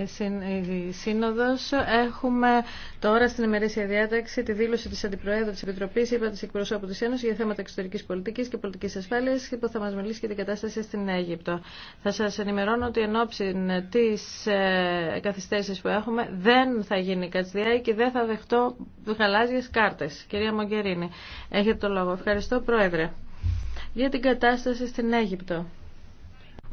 Ε, Σύνοδο, Έχουμε τώρα στην ημερήσια διάταξη τη δήλωση της Αντιπροέδρου της Επιτροπής, είπα της εκπροσώπου της Ένωσης για θέματα εξωτερικής πολιτικής και πολιτικής ασφάλειας που θα μας μιλήσει για την κατάσταση στην Αίγυπτο. Θα σας ενημερώνω ότι εν ώψη της ε, καθυστέρησης που έχουμε δεν θα γίνει κατσδιά και δεν θα δεχτώ γαλάζιες κάρτες. Κυρία Μογκερίνη, έχετε το λόγο. Ευχαριστώ Πρόεδρε για την κατάσταση στην Αίγυπτο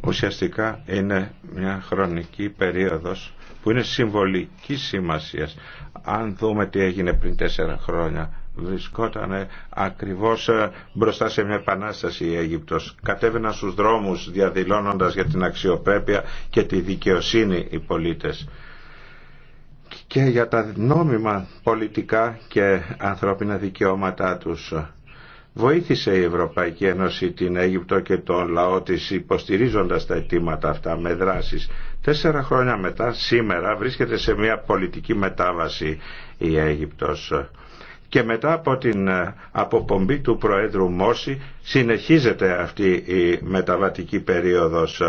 ουσιαστικά είναι μια χρονική περίοδος που είναι συμβολική σημασίας. Αν δούμε τι έγινε πριν τέσσερα χρόνια, βρισκόταν ε, ακριβώς ε, μπροστά σε μια επανάσταση η Αίγυπτος. Κατέβαιναν στους δρόμους διαδηλώνοντας για την αξιοπρέπεια και τη δικαιοσύνη οι πολίτες και για τα νόμιμα πολιτικά και ανθρώπινα δικαιώματά τους. Βοήθησε η Ευρωπαϊκή Ένωση την Αίγυπτο και τον λαό της υποστηρίζοντας τα αιτήματα αυτά με δράσεις. Τέσσερα χρόνια μετά, σήμερα, βρίσκεται σε μια πολιτική μετάβαση η Αίγυπτος. Και μετά από την ε, αποπομπή του Προέδρου Μόση συνεχίζεται αυτή η μεταβατική περίοδος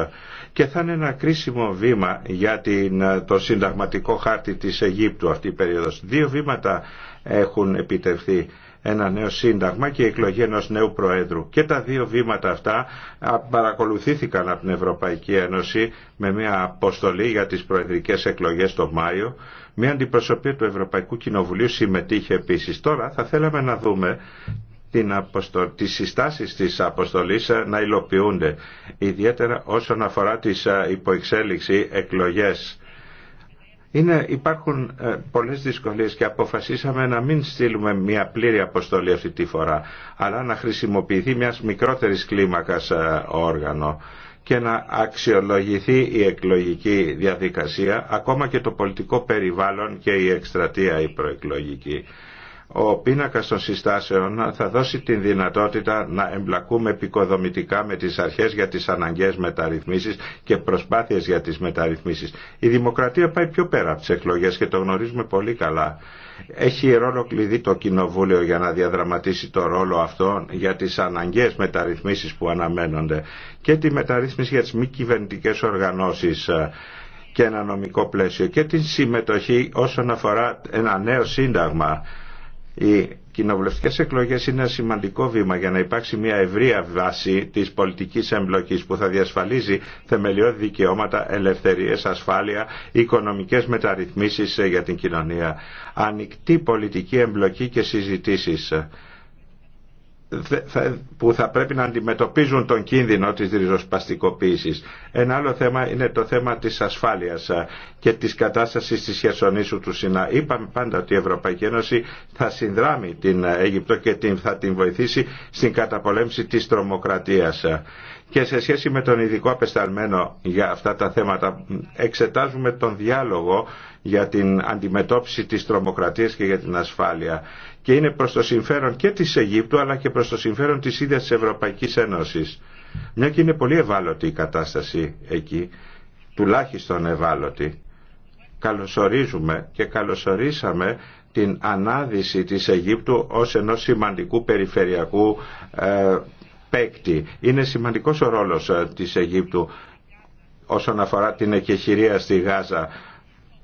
και θα είναι ένα κρίσιμο βήμα για την, ε, το συνταγματικό χάρτη της Αιγύπτου αυτή η περίοδος. Δύο βήματα έχουν επιτευχθεί ένα νέο σύνταγμα και η εκλογή ενό νέου Προέδρου. Και τα δύο βήματα αυτά παρακολουθήθηκαν από την Ευρωπαϊκή Ένωση με μια αποστολή για τις προεδρικές εκλογές το Μάιο. Μια αντιπροσωπεία του Ευρωπαϊκού Κοινοβουλίου συμμετείχε επίσης. Τώρα θα θέλαμε να δούμε την αποστο... τις συστάσεις της αποστολής ε, να υλοποιούνται, ιδιαίτερα όσον αφορά τις ε, υποεξέλιξη εκλογές είναι, υπάρχουν ε, πολλές δυσκολίες και αποφασίσαμε να μην στείλουμε μια πλήρη αποστολή αυτή τη φορά, αλλά να χρησιμοποιηθεί μιας μικρότερης κλίμακας ε, όργανο και να αξιολογηθεί η εκλογική διαδικασία, ακόμα και το πολιτικό περιβάλλον και η εκστρατεία η προεκλογική. Ο πίνακας των συστάσεων θα δώσει την δυνατότητα να εμπλακούμε επικοδομητικά με τις αρχές για τις αναγκαίες μεταρρυθμίσεις και προσπάθειες για τις μεταρρυθμίσεις. Η δημοκρατία πάει πιο πέρα από τις εκλογές και το γνωρίζουμε πολύ καλά. Έχει ρόλο κλειδί το Κοινοβούλιο για να διαδραματίσει το ρόλο αυτό για τις αναγκαίες μεταρρυθμίσεις που αναμένονται και τη μεταρρύθμιση για τις μη κυβερνητικέ οργανώσεις ε, και ένα νομικό πλαίσιο και την συμμετοχή όσον αφορά ένα νέο σύνταγμα οι κοινοβουλευτικέ εκλογέ είναι ένα σημαντικό βήμα για να υπάρξει μια ευρεία βάση της πολιτική εμπλοκή που θα διασφαλίζει θεμελιώδη δικαιώματα, ελευθερίε, ασφάλεια, οικονομικέ μεταρρυθμίσει για την κοινωνία. Ανοιχτή πολιτική εμπλοκή και συζητήσει που θα πρέπει να αντιμετωπίζουν τον κίνδυνο της ριζοσπαστικοποίησης. Ένα άλλο θέμα είναι το θέμα της ασφάλειας και της κατάστασης της χερσονήσου του Σινά. Είπαμε πάντα ότι η Ευρωπαϊκή Ένωση θα συνδράμει την Αίγυπτο και θα την βοηθήσει στην καταπολέμηση της τρομοκρατίας. Και σε σχέση με τον ειδικό απεσταλμένο για αυτά τα θέματα εξετάζουμε τον διάλογο για την αντιμετώπιση της τρομοκρατίας και για την ασφάλεια και είναι προς το συμφέρον και της Αιγύπτου αλλά και προς το συμφέρον της ίδιας της Ευρωπαϊκής Ένωσης. Μια και είναι πολύ ευάλωτη η κατάσταση εκεί, τουλάχιστον ευάλωτη. Καλωσορίζουμε και καλωσορίσαμε την ανάδυση της Αιγύπτου ως ενός σημαντικού περιφερειακού ε, παίκτη. Είναι σημαντικός ο ρόλος ε, της Αιγύπτου όσον αφορά την εκεχηρία στη Γάζα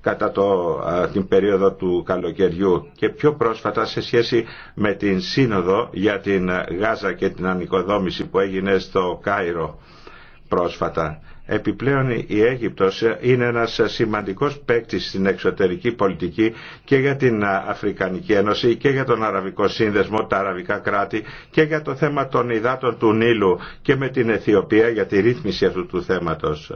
κατά το, την περίοδο του καλοκαιριού και πιο πρόσφατα σε σχέση με την σύνοδο για την Γάζα και την ανοικοδόμηση που έγινε στο Κάιρο πρόσφατα. Επιπλέον η Αίγυπτος είναι ένας σημαντικός παίκτη στην εξωτερική πολιτική και για την Αφρικανική Ένωση και για τον Αραβικό Σύνδεσμο, τα Αραβικά κράτη και για το θέμα των υδάτων του Νείλου και με την Αιθιοπία για τη ρύθμιση αυτού του θέματος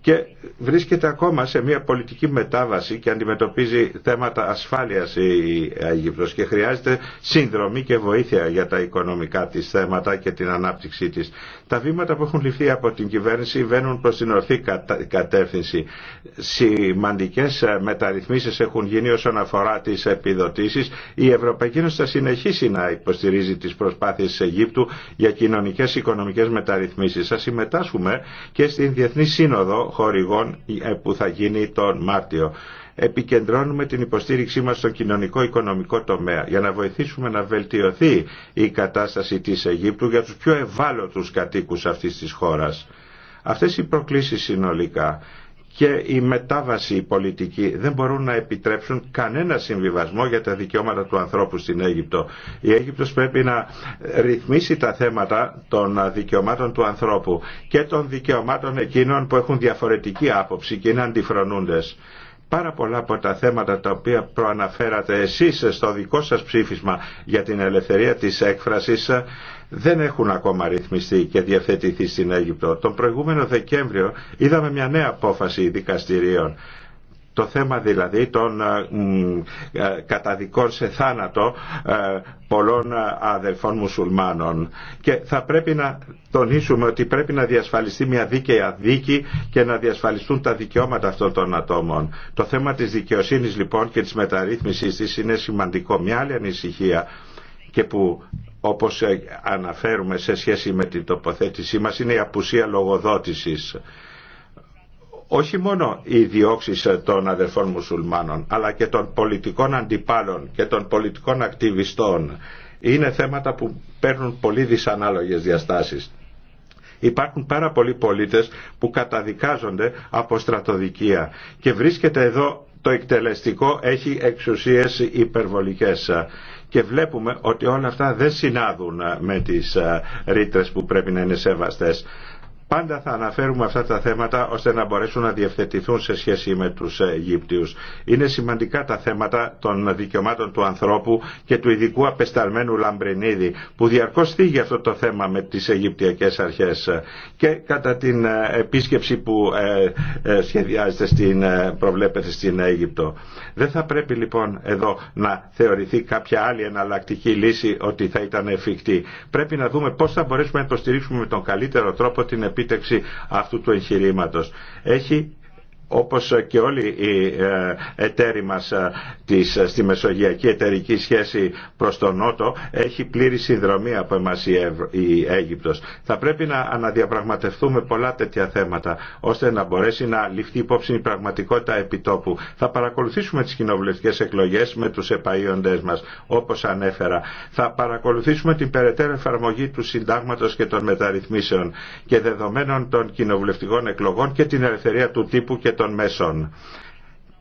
και βρίσκεται ακόμα σε μια πολιτική μετάβαση και αντιμετωπίζει θέματα ασφάλειας η Αίγυπτος και χρειάζεται συνδρομή και βοήθεια για τα οικονομικά της θέματα και την ανάπτυξή της. Τα βήματα που έχουν ληφθεί από την κυβέρνηση βαίνουν προς την ορθή κατεύθυνση. Σημαντικές ε, μεταρρυθμίσεις έχουν γίνει όσον αφορά τις επιδοτήσεις. Η Ευρωπαϊκή Ένωση θα συνεχίσει να υποστηρίζει τις προσπάθειες της Αιγύπτου για κοινωνικές οικονομικές μεταρρυθμίσεις. Θα συμμετάσχουμε και στην Διεθνή Σύνοδο χορηγών ε, που θα γίνει τον Μάρτιο. Επικεντρώνουμε την υποστήριξή μας στο κοινωνικό-οικονομικό τομέα για να βοηθήσουμε να βελτιωθεί η κατάσταση της Αιγύπτου για τους πιο ευάλωτους κατοίκους αυτής της χώρας. Αυτές οι προκλήσεις συνολικά και η μετάβαση η πολιτική δεν μπορούν να επιτρέψουν κανένα συμβιβασμό για τα δικαιώματα του ανθρώπου στην Αίγυπτο. Η Αίγυπτος πρέπει να ρυθμίσει τα θέματα των δικαιωμάτων του ανθρώπου και των δικαιωμάτων εκείνων που έχουν διαφορετική άποψη και είναι αντιφρονούντες. Πάρα πολλά από τα θέματα τα οποία προαναφέρατε εσείς στο δικό σας ψήφισμα για την ελευθερία της έκφρασης δεν έχουν ακόμα ρυθμιστεί και διευθετηθεί στην Αίγυπτο. Τον προηγούμενο Δεκέμβριο είδαμε μια νέα απόφαση δικαστηρίων το θέμα δηλαδή των ε, ε, καταδικών σε θάνατο ε, πολλών αδελφών μουσουλμάνων. Και θα πρέπει να τονίσουμε ότι πρέπει να διασφαλιστεί μια δίκαια δίκη και να διασφαλιστούν τα δικαιώματα αυτών των ατόμων. Το θέμα της δικαιοσύνης λοιπόν και της μεταρρύθμισης της είναι σημαντικό. Μια άλλη ανησυχία και που όπως ε, αναφέρουμε σε σχέση με την τοποθέτησή μας είναι η απουσία λογοδότησης όχι μόνο οι διώξει των αδερφών μουσουλμάνων αλλά και των πολιτικών αντιπάλων και των πολιτικών ακτιβιστών είναι θέματα που παίρνουν πολύ δυσανάλογες διαστάσεις. Υπάρχουν πάρα πολλοί πολίτες που καταδικάζονται από στρατοδικία και βρίσκεται εδώ το εκτελεστικό έχει εξουσίες υπερβολικές και βλέπουμε ότι όλα αυτά δεν συνάδουν ε, με τις ε, ρήτρες που πρέπει να είναι σεβαστές. Πάντα θα αναφέρουμε αυτά τα θέματα ώστε να μπορέσουν να διευθετηθούν σε σχέση με τους Αιγύπτιους. Είναι σημαντικά τα θέματα των δικαιωμάτων του ανθρώπου και του ειδικού απεσταλμένου Λαμπρινίδη που διαρκώς θίγει αυτό το θέμα με τις Αιγυπτιακές αρχές και κατά την ε, επίσκεψη που ε, ε, σχεδιάζεται στην, προβλέπεται στην Αίγυπτο. Δεν θα πρέπει λοιπόν εδώ να θεωρηθεί κάποια άλλη εναλλακτική λύση ότι θα ήταν εφικτή. Πρέπει να δούμε πώς θα μπορέσουμε να υποστηρίξουμε με τον καλύτερο τρόπο την επίσκεψη επίτευξη αυτού του εγχειρήματος. Έχει όπως και όλοι οι ε, εταίροι μας ε, της, ε, στη Μεσογειακή εταιρική σχέση προς τον Νότο έχει πλήρη συνδρομή από εμάς η, Ευ, Αίγυπτος. Θα πρέπει να αναδιαπραγματευτούμε πολλά τέτοια θέματα ώστε να μπορέσει να ληφθεί υπόψη η πραγματικότητα επιτόπου. Θα παρακολουθήσουμε τις κοινοβουλευτικές εκλογές με τους επαΐοντές μας όπως ανέφερα. Θα παρακολουθήσουμε την περαιτέρω εφαρμογή του συντάγματος και των μεταρρυθμίσεων και δεδομένων των κοινοβουλευτικών εκλογών και την ελευθερία του τύπου και των μέσων.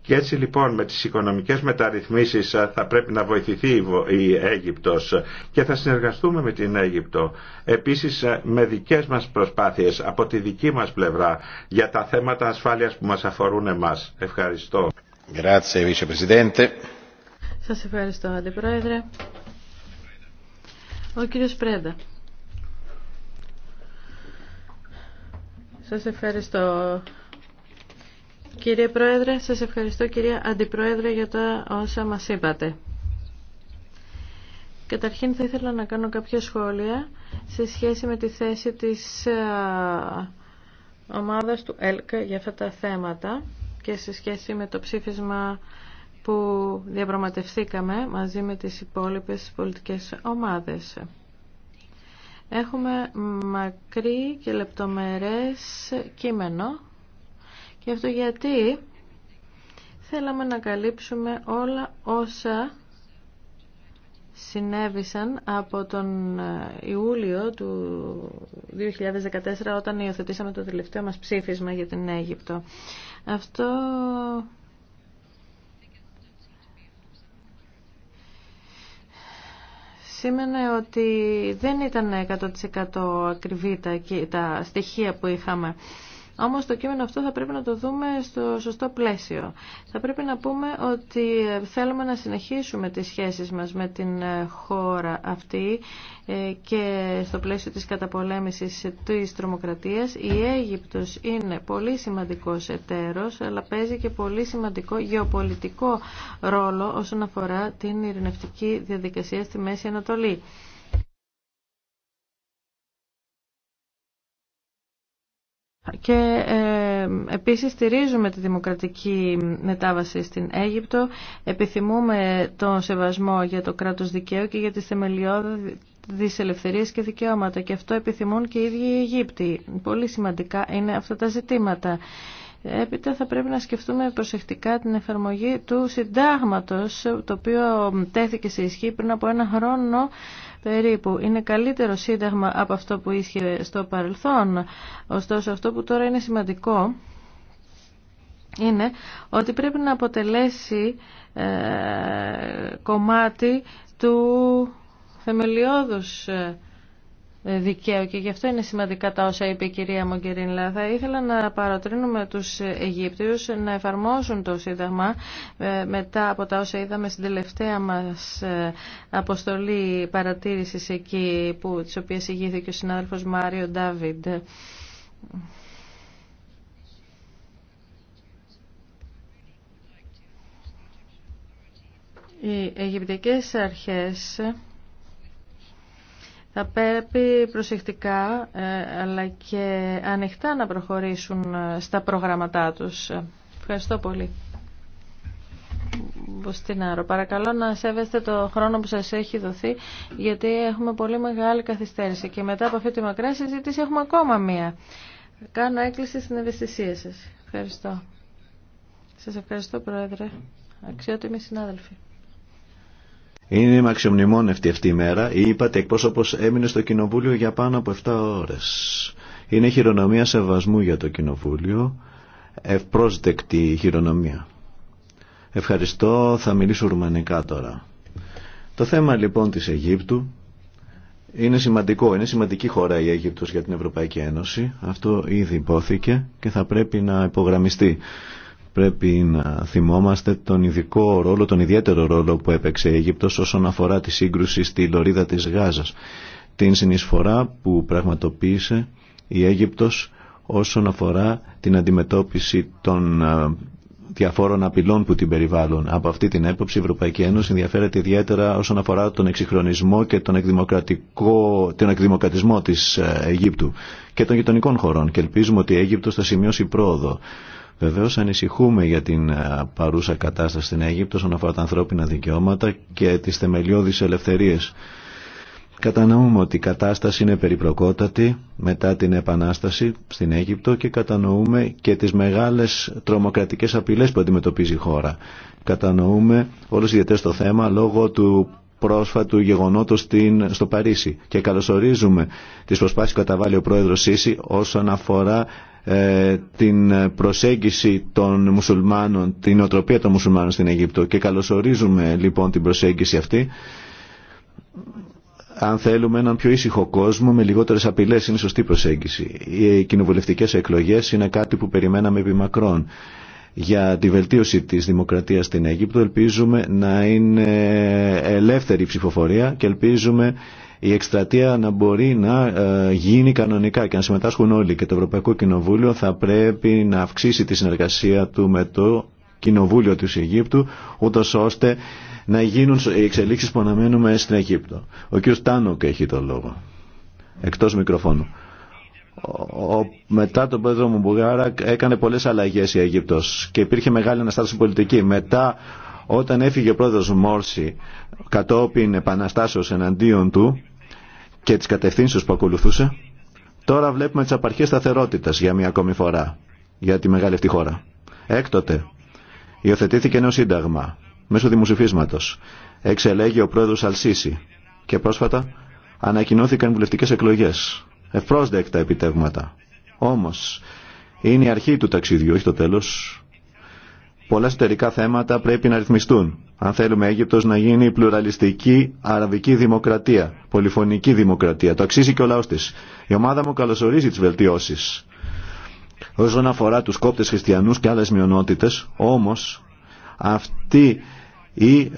Και έτσι λοιπόν με τις οικονομικές μεταρρυθμίσεις θα πρέπει να βοηθηθεί η Αίγυπτος και θα συνεργαστούμε με την Αίγυπτο. Επίσης ε, με δικές μας προσπάθειες από τη δική μας πλευρά για τα θέματα ασφάλειας που μας αφορούν εμάς. Ευχαριστώ. Σας ευχαριστώ Αντιπρόεδρε. Ο κύριος Πρέντα. Σας ευχαριστώ Κύριε Πρόεδρε, σας ευχαριστώ κυρία Αντιπρόεδρε για τα όσα μας είπατε. Καταρχήν θα ήθελα να κάνω κάποια σχόλια σε σχέση με τη θέση της ομάδας του ΕΛΚ για αυτά τα θέματα και σε σχέση με το ψήφισμα που διαπραγματευθήκαμε μαζί με τις υπόλοιπες πολιτικές ομάδες. Έχουμε μακρύ και λεπτομερές κείμενο και αυτό γιατί θέλαμε να καλύψουμε όλα όσα συνέβησαν από τον ε, Ιούλιο του 2014 όταν υιοθετήσαμε το τελευταίο μας ψήφισμα για την Αίγυπτο. Αυτό σήμαινε ότι δεν ήταν 100% ακριβή τα στοιχεία που είχαμε. Όμως το κείμενο αυτό θα πρέπει να το δούμε στο σωστό πλαίσιο. Θα πρέπει να πούμε ότι θέλουμε να συνεχίσουμε τις σχέσεις μας με την ε, χώρα αυτή ε, και στο πλαίσιο της καταπολέμησης της τρομοκρατίας. Η Αίγυπτος είναι πολύ σημαντικός εταίρος, αλλά παίζει και πολύ σημαντικό γεωπολιτικό ρόλο όσον αφορά την ειρηνευτική διαδικασία στη Μέση Ανατολή. Και ε, επίσης στηρίζουμε τη δημοκρατική μετάβαση στην Αίγυπτο. Επιθυμούμε τον σεβασμό για το κράτος δικαίου και για τις θεμελιώδεις ελευθερίες και δικαιώματα. Και αυτό επιθυμούν και οι ίδιοι οι Πολύ σημαντικά είναι αυτά τα ζητήματα. Έπειτα θα πρέπει να σκεφτούμε προσεκτικά την εφαρμογή του συντάγματος, το οποίο τέθηκε σε ισχύ πριν από ένα χρόνο περίπου. Είναι καλύτερο σύνταγμα από αυτό που ίσχυε στο παρελθόν. Ωστόσο αυτό που τώρα είναι σημαντικό είναι ότι πρέπει να αποτελέσει ε, κομμάτι του θεμελιώδους ε, δικαίου και γι' αυτό είναι σημαντικά τα όσα είπε η κυρία Μογκερίνλα. Θα ήθελα να παροτρύνουμε τους Αιγύπτιους να εφαρμόσουν το Σύνταγμα ε, μετά από τα όσα είδαμε στην τελευταία μας ε, αποστολή παρατήρησης εκεί που, της οποίας ηγήθηκε ο συνάδελφος Μάριο Ντάβιντ. Οι Αιγυπτιακές αρχές θα πρέπει προσεκτικά ε, αλλά και ανοιχτά να προχωρήσουν ε, στα προγραμματά τους. Ευχαριστώ πολύ. Μποστινάρο, παρακαλώ να σέβεστε το χρόνο που σας έχει δοθεί γιατί έχουμε πολύ μεγάλη καθυστέρηση και μετά από αυτή τη μακρά συζήτηση έχουμε ακόμα μία. Κάνω έκκληση στην ευαισθησία σας. Ευχαριστώ. Σας ευχαριστώ Πρόεδρε. Αξιότιμοι συνάδελφοι. Είναι η μαξιομνημόνευτη αυτή η μέρα. Η είπατε εκπρόσωπος έμεινε στο κοινοβούλιο για πάνω από 7 ώρες. Είναι χειρονομία σεβασμού για το κοινοβούλιο. Ευπρόσδεκτη χειρονομία. Ευχαριστώ. Θα μιλήσω ρουμανικά τώρα. Το θέμα λοιπόν της Αιγύπτου είναι σημαντικό. Είναι σημαντική χώρα η Αίγυπτος για την Ευρωπαϊκή Ένωση. Αυτό ήδη υπόθηκε και θα πρέπει να υπογραμμιστεί. Πρέπει να θυμόμαστε τον ειδικό ρόλο, τον ιδιαίτερο ρόλο που έπαιξε η Αίγυπτος όσον αφορά τη σύγκρουση στη λωρίδα της Γάζας. Την συνεισφορά που πραγματοποίησε η Αίγυπτος όσον αφορά την αντιμετώπιση των ε, διαφόρων απειλών που την περιβάλλουν. Από αυτή την έποψη η Ευρωπαϊκή Ένωση ενδιαφέρεται ιδιαίτερα όσον αφορά τον εξυγχρονισμό και τον, εκδημοκρατικό, τον εκδημοκρατισμό της ε, Αιγύπτου και των γειτονικών χωρών και ελπίζουμε ότι η Αίγυπτος θα σημειώσει πρόοδο Βεβαίως ανησυχούμε για την παρούσα κατάσταση στην Αίγυπτο όσον αφορά τα ανθρώπινα δικαιώματα και τις θεμελιώδεις ελευθερίες. Κατανοούμε ότι η κατάσταση είναι περίπροκότατη μετά την Επανάσταση στην Αίγυπτο και κατανοούμε και τις μεγάλες τρομοκρατικές απειλές που αντιμετωπίζει η χώρα. Κατανοούμε όλες ιδιαίτερα το θέμα λόγω του πρόσφατου γεγονότος στην, στο Παρίσι και καλωσορίζουμε τις προσπάσεις που καταβάλει ο πρόεδρος Σίση όσον αφορά ε, την προσέγγιση των μουσουλμάνων, την οτροπία των μουσουλμάνων στην Αιγύπτο και καλωσορίζουμε λοιπόν την προσέγγιση αυτή. Αν θέλουμε έναν πιο ήσυχο κόσμο με λιγότερες απειλές είναι σωστή προσέγγιση. Οι κοινοβουλευτικέ εκλογές είναι κάτι που περιμέναμε επί μακρόν. Για τη βελτίωση της δημοκρατίας στην Αίγυπτο ελπίζουμε να είναι ελεύθερη η ψηφοφορία και ελπίζουμε η εκστρατεία να μπορεί να ε, γίνει κανονικά και να συμμετάσχουν όλοι. Και το Ευρωπαϊκό Κοινοβούλιο θα πρέπει να αυξήσει τη συνεργασία του με το Κοινοβούλιο της Αιγύπτου, ούτως ώστε να γίνουν οι εξελίξεις που αναμένουμε στην Αιγύπτο. Ο κ. Τάνοκ έχει το λόγο, εκτός μικροφώνου. μετά τον πρόεδρο Μουμπουγάρα έκανε πολλές αλλαγές η Αιγύπτος και υπήρχε μεγάλη αναστάτωση πολιτική. Μετά όταν έφυγε ο πρόεδρος Μόρση κατόπιν επαναστάσεως εναντίον του και τις κατευθύνσεις που ακολουθούσε, τώρα βλέπουμε τις απαρχές σταθερότητας για μια ακόμη φορά, για τη μεγάλη αυτή χώρα. Έκτοτε, υιοθετήθηκε νέο σύνταγμα, μέσω δημοσιοφίσματος. Εξελέγει ο πρόεδρος Αλσίση και πρόσφατα ανακοινώθηκαν βουλευτικές εκλογές. Ευπρόσδεκτα επιτεύγματα. Όμως, είναι η αρχή του ταξιδιού, όχι το τέλος. Πολλά εσωτερικά θέματα πρέπει να ρυθμιστούν αν θέλουμε Αίγυπτος να γίνει πλουραλιστική αραβική δημοκρατία, πολυφωνική δημοκρατία. Το αξίζει και ο λαός της. Η ομάδα μου καλωσορίζει τις βελτιώσεις. Όσον αφορά τους κόπτες χριστιανούς και άλλες μειονότητες, όμως αυτή η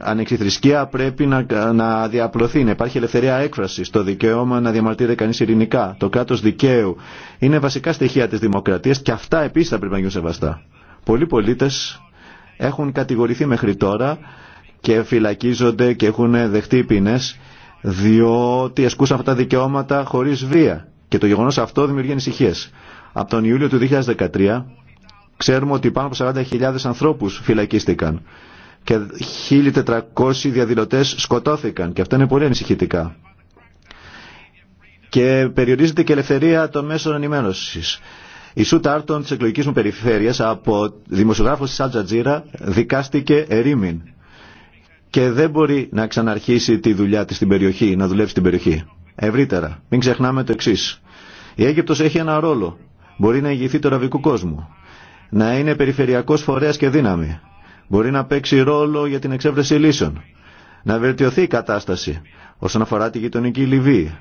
ανεξιθρησκεία πρέπει να, να διαπλωθεί, να υπάρχει ελευθερία έκφραση, το δικαίωμα να διαμαρτύρεται κανεί ειρηνικά, το κράτο δικαίου. Είναι βασικά στοιχεία τη δημοκρατία και αυτά επίση θα πρέπει να γίνουν σεβαστά. Πολλοί πολίτε έχουν κατηγορηθεί μέχρι τώρα και φυλακίζονται και έχουν δεχτεί ποινές διότι ασκούσαν αυτά τα δικαιώματα χωρίς βία. Και το γεγονός αυτό δημιουργεί ανησυχίε. Από τον Ιούλιο του 2013 ξέρουμε ότι πάνω από 40.000 ανθρώπους φυλακίστηκαν και 1.400 διαδηλωτές σκοτώθηκαν και αυτά είναι πολύ ανησυχητικά. Και περιορίζεται και ελευθερία των μέσων ενημέρωσης. Η Σου Τάρτον τη εκλογική μου περιφέρεια από δημοσιογράφο τη Αλτζατζίρα δικάστηκε ερήμην και δεν μπορεί να ξαναρχίσει τη δουλειά τη στην περιοχή, να δουλεύει στην περιοχή. Ευρύτερα, μην ξεχνάμε το εξή. Η Αίγυπτο έχει ένα ρόλο. Μπορεί να ηγηθεί του ραβικού κόσμου. Να είναι περιφερειακό φορέα και δύναμη. Μπορεί να παίξει ρόλο για την εξέβρεση λύσεων. Να βελτιωθεί η κατάσταση όσον αφορά τη γειτονική Λιβύη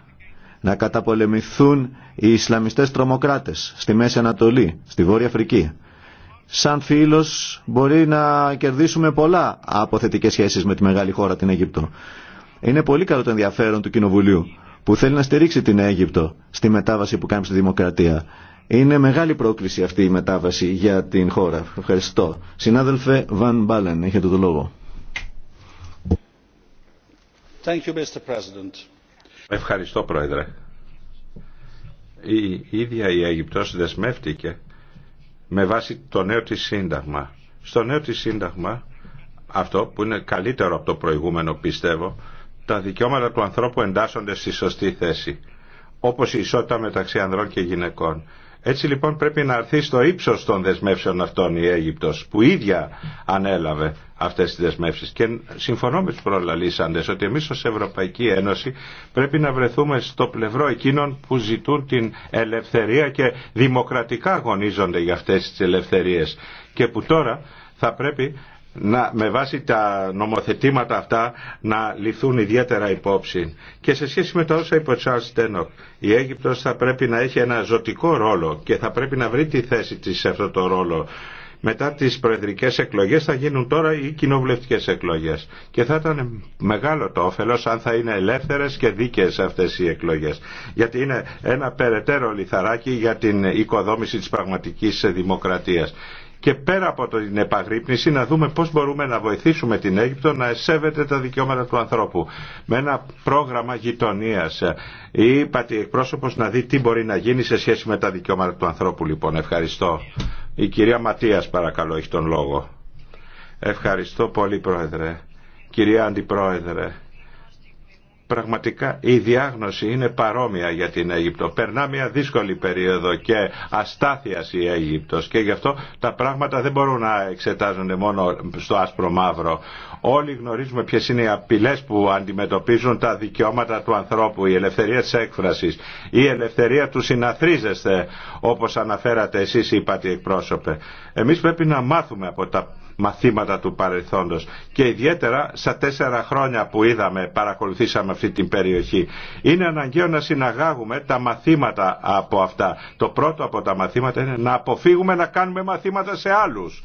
να καταπολεμηθούν οι Ισλαμιστές τρομοκράτες στη Μέση Ανατολή, στη Βόρεια Αφρική. Σαν φίλος μπορεί να κερδίσουμε πολλά από θετικές σχέσεις με τη μεγάλη χώρα την Αίγυπτο. Είναι πολύ καλό το ενδιαφέρον του Κοινοβουλίου που θέλει να στηρίξει την Αίγυπτο στη μετάβαση που κάνει στη δημοκρατία. Είναι μεγάλη πρόκληση αυτή η μετάβαση για την χώρα. Ευχαριστώ. Συνάδελφε Βαν Μπάλεν, έχετε το λόγο. Thank you, Mr. President. Ευχαριστώ Πρόεδρε. Η ίδια η Αιγυπτός δεσμεύτηκε με βάση το νέο της σύνταγμα. Στο νέο της σύνταγμα, αυτό που είναι καλύτερο από το προηγούμενο πιστεύω, τα δικαιώματα του ανθρώπου εντάσσονται στη σωστή θέση, όπως η ισότητα μεταξύ ανδρών και γυναικών. Έτσι λοιπόν πρέπει να έρθει στο ύψος των δεσμεύσεων αυτών η Αίγυπτος που ίδια ανέλαβε αυτές τις δεσμεύσεις. Και συμφωνώ με τους προλαλήσαντες ότι εμείς ως Ευρωπαϊκή Ένωση πρέπει να βρεθούμε στο πλευρό εκείνων που ζητούν την ελευθερία και δημοκρατικά αγωνίζονται για αυτές τις ελευθερίες και που τώρα θα πρέπει να, με βάση τα νομοθετήματα αυτά να ληφθούν ιδιαίτερα υπόψη. Και σε σχέση με τα όσα είπε ο Τσάρλ Στένοκ, η Αίγυπτος θα πρέπει να έχει ένα ζωτικό ρόλο και θα πρέπει να βρει τη θέση της σε αυτό το ρόλο. Μετά τις προεδρικές εκλογές θα γίνουν τώρα οι κοινοβουλευτικές εκλογές και θα ήταν μεγάλο το όφελος αν θα είναι ελεύθερες και δίκαιες αυτές οι εκλογές γιατί είναι ένα περαιτέρω λιθαράκι για την οικοδόμηση της πραγματικής δημοκρατίας και πέρα από την επαγρύπνηση να δούμε πώς μπορούμε να βοηθήσουμε την Αίγυπτο να εσέβεται τα δικαιώματα του ανθρώπου με ένα πρόγραμμα γειτονίας ή πατή εκπρόσωπος να δει τι μπορεί να γίνει σε σχέση με τα δικαιώματα του ανθρώπου λοιπόν. Ευχαριστώ. Η κυρία Ματίας παρακαλώ έχει τον λόγο. Ευχαριστώ πολύ πρόεδρε. Κυρία Αντιπρόεδρε πραγματικά η διάγνωση είναι παρόμοια για την Αίγυπτο. Περνά μια δύσκολη περίοδο και αστάθειας η Αίγυπτος και γι' αυτό τα πράγματα δεν μπορούν να εξετάζονται μόνο στο άσπρο μαύρο. Όλοι γνωρίζουμε ποιες είναι οι απειλές που αντιμετωπίζουν τα δικαιώματα του ανθρώπου, η ελευθερία της έκφρασης, η ελευθερία του συναθρίζεσθε όπως αναφέρατε εσείς είπατε εκπρόσωπε. Εμείς πρέπει να μάθουμε από τα μαθήματα του παρελθόντος. Και ιδιαίτερα στα τέσσερα χρόνια που είδαμε, παρακολουθήσαμε αυτή την περιοχή. Είναι αναγκαίο να συναγάγουμε τα μαθήματα από αυτά. Το πρώτο από τα μαθήματα είναι να αποφύγουμε να κάνουμε μαθήματα σε άλλους.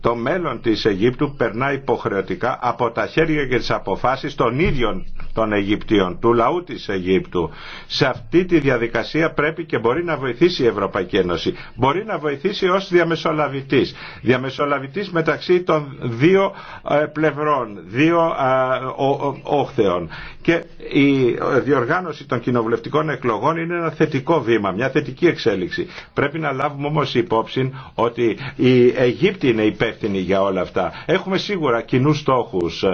Το μέλλον της Αιγύπτου περνά υποχρεωτικά από τα χέρια και τις αποφάσεις των ίδιων των Αιγυπτίων, του λαού της Αιγύπτου. Σε αυτή τη διαδικασία πρέπει και μπορεί να βοηθήσει η Ευρωπαϊκή Ένωση. Μπορεί να βοηθήσει ως διαμεσολαβητής. Διαμεσολαβητής μεταξύ των δύο ε, πλευρών, δύο ε, όχθεων. Και η ε, διοργάνωση των κοινοβουλευτικών εκλογών είναι ένα θετικό βήμα, μια θετική εξέλιξη. Πρέπει να λάβουμε όμως υπόψη ότι η Αιγύπτη είναι υπεύθυνη για όλα αυτά. Έχουμε σίγουρα κοινού στόχους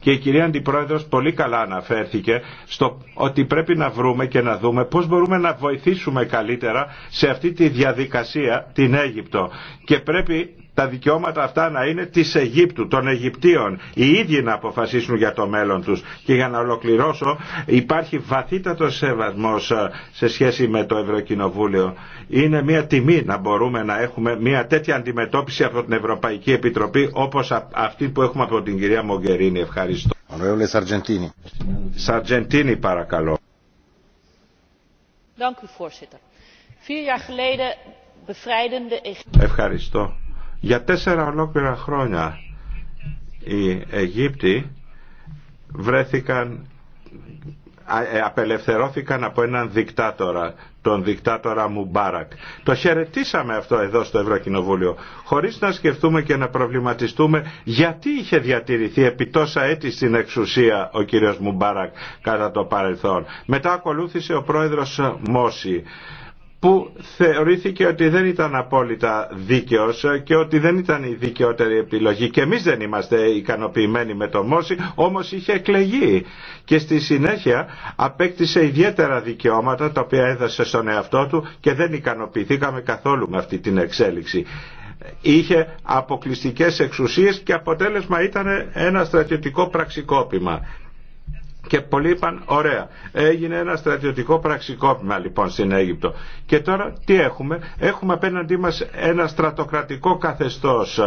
και η κυρία Αντιπρόεδρος πολύ καλά αναφέρθηκε στο ότι πρέπει να βρούμε και να δούμε πώς μπορούμε να βοηθήσουμε καλύτερα σε αυτή τη διαδικασία την Αίγυπτο. Και πρέπει τα δικαιώματα αυτά να είναι της Αιγύπτου, των Αιγυπτίων. Οι ίδιοι να αποφασίσουν για το μέλλον τους. Και για να ολοκληρώσω υπάρχει βαθύτατος σεβασμός ε, σε σχέση με το Ευρωκοινοβούλιο. Είναι μια τιμή να μπορούμε να έχουμε μια τέτοια αντιμετώπιση από την Ευρωπαϊκή Επιτροπή όπως αυτή που έχουμε από την κυρία Μογκερίνη. Ευχαριστώ. Σαρτζεντίνη. Σαρτζεντίνη παρακαλώ. Ευχαριστώ. Για τέσσερα ολόκληρα χρόνια οι Αιγύπτιοι βρέθηκαν ε, απελευθερώθηκαν από έναν δικτάτορα, τον δικτάτορα Μουμπάρακ. Το χαιρετήσαμε αυτό εδώ στο Ευρωκοινοβούλιο, χωρίς να σκεφτούμε και να προβληματιστούμε γιατί είχε διατηρηθεί επί τόσα έτη στην εξουσία ο κύριος Μουμπάρακ κατά το παρελθόν. Μετά ακολούθησε ο πρόεδρος Μόση που θεωρήθηκε ότι δεν ήταν απόλυτα δίκαιος και ότι δεν ήταν η δικαιότερη επιλογή και εμείς δεν είμαστε ικανοποιημένοι με το Μόση όμως είχε εκλεγεί και στη συνέχεια απέκτησε ιδιαίτερα δικαιώματα τα οποία έδωσε στον εαυτό του και δεν ικανοποιηθήκαμε καθόλου με αυτή την εξέλιξη είχε αποκλειστικές εξουσίες και αποτέλεσμα ήταν ένα στρατιωτικό πραξικόπημα. Και πολλοί είπαν, ωραία, έγινε ένα στρατιωτικό πραξικόπημα λοιπόν στην Αίγυπτο. Και τώρα τι έχουμε, έχουμε απέναντί μας ένα στρατοκρατικό καθεστώς.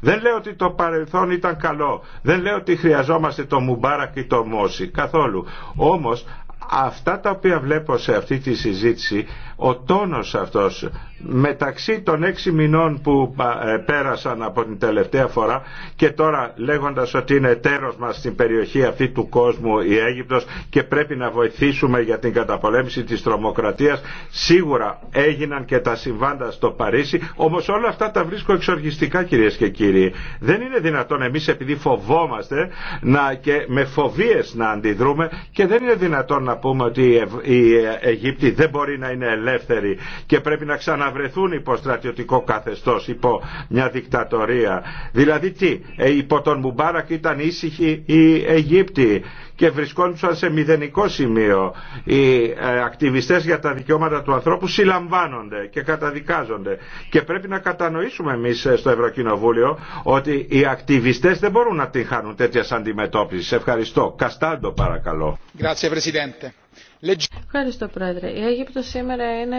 Δεν λέω ότι το παρελθόν ήταν καλό, δεν λέω ότι χρειαζόμαστε το Μουμπάρακ ή το Μόση, καθόλου. Όμως αυτά τα οποία βλέπω σε αυτή τη συζήτηση, ο τόνος αυτός μεταξύ των έξι μηνών που ε, πέρασαν από την τελευταία φορά και τώρα λέγοντας ότι είναι τέρος μας στην περιοχή αυτή του κόσμου η Αίγυπτος και πρέπει να βοηθήσουμε για την καταπολέμηση της τρομοκρατίας σίγουρα έγιναν και τα συμβάντα στο Παρίσι όμως όλα αυτά τα βρίσκω εξοργιστικά κυρίες και κύριοι δεν είναι δυνατόν εμείς επειδή φοβόμαστε να και με φοβίες να αντιδρούμε και δεν είναι δυνατόν να πούμε ότι η Αιγύπτη δεν μπορεί να είναι ελεύθερη και πρέπει να ξανα να βρεθούν υπό στρατιωτικό καθεστώς, υπό μια δικτατορία. Δηλαδή τι, ε, υπό τον Μουμπάρακ ήταν ήσυχοι οι Αιγύπτιοι και βρισκόντουσαν σε μηδενικό σημείο. Οι ε, ακτιβιστές για τα δικαιώματα του ανθρώπου συλλαμβάνονται και καταδικάζονται. Και πρέπει να κατανοήσουμε εμείς ε, στο Ευρωκοινοβούλιο ότι οι ακτιβιστές δεν μπορούν να την χάνουν τέτοια αντιμετώπιση. Ευχαριστώ. Καστάλτο παρακαλώ. Grazie, Ευχαριστώ Πρόεδρε. Η Αίγυπτο σήμερα είναι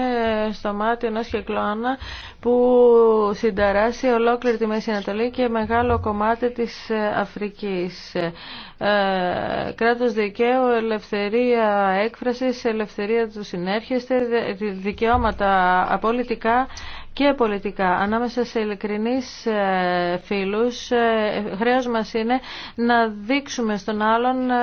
στο μάτι ενός κεκλώνα που συνταράσει ολόκληρη τη Μέση Ανατολή και μεγάλο κομμάτι της ε, Αφρικής. Ε, κράτος δικαίου, ελευθερία έκφρασης, ελευθερία του συνέρχεστε, δικαιώματα απολυτικά και πολιτικά ανάμεσα σε ειλικρινείς ε, φίλους ε, χρέος μας είναι να δείξουμε στον άλλον ε,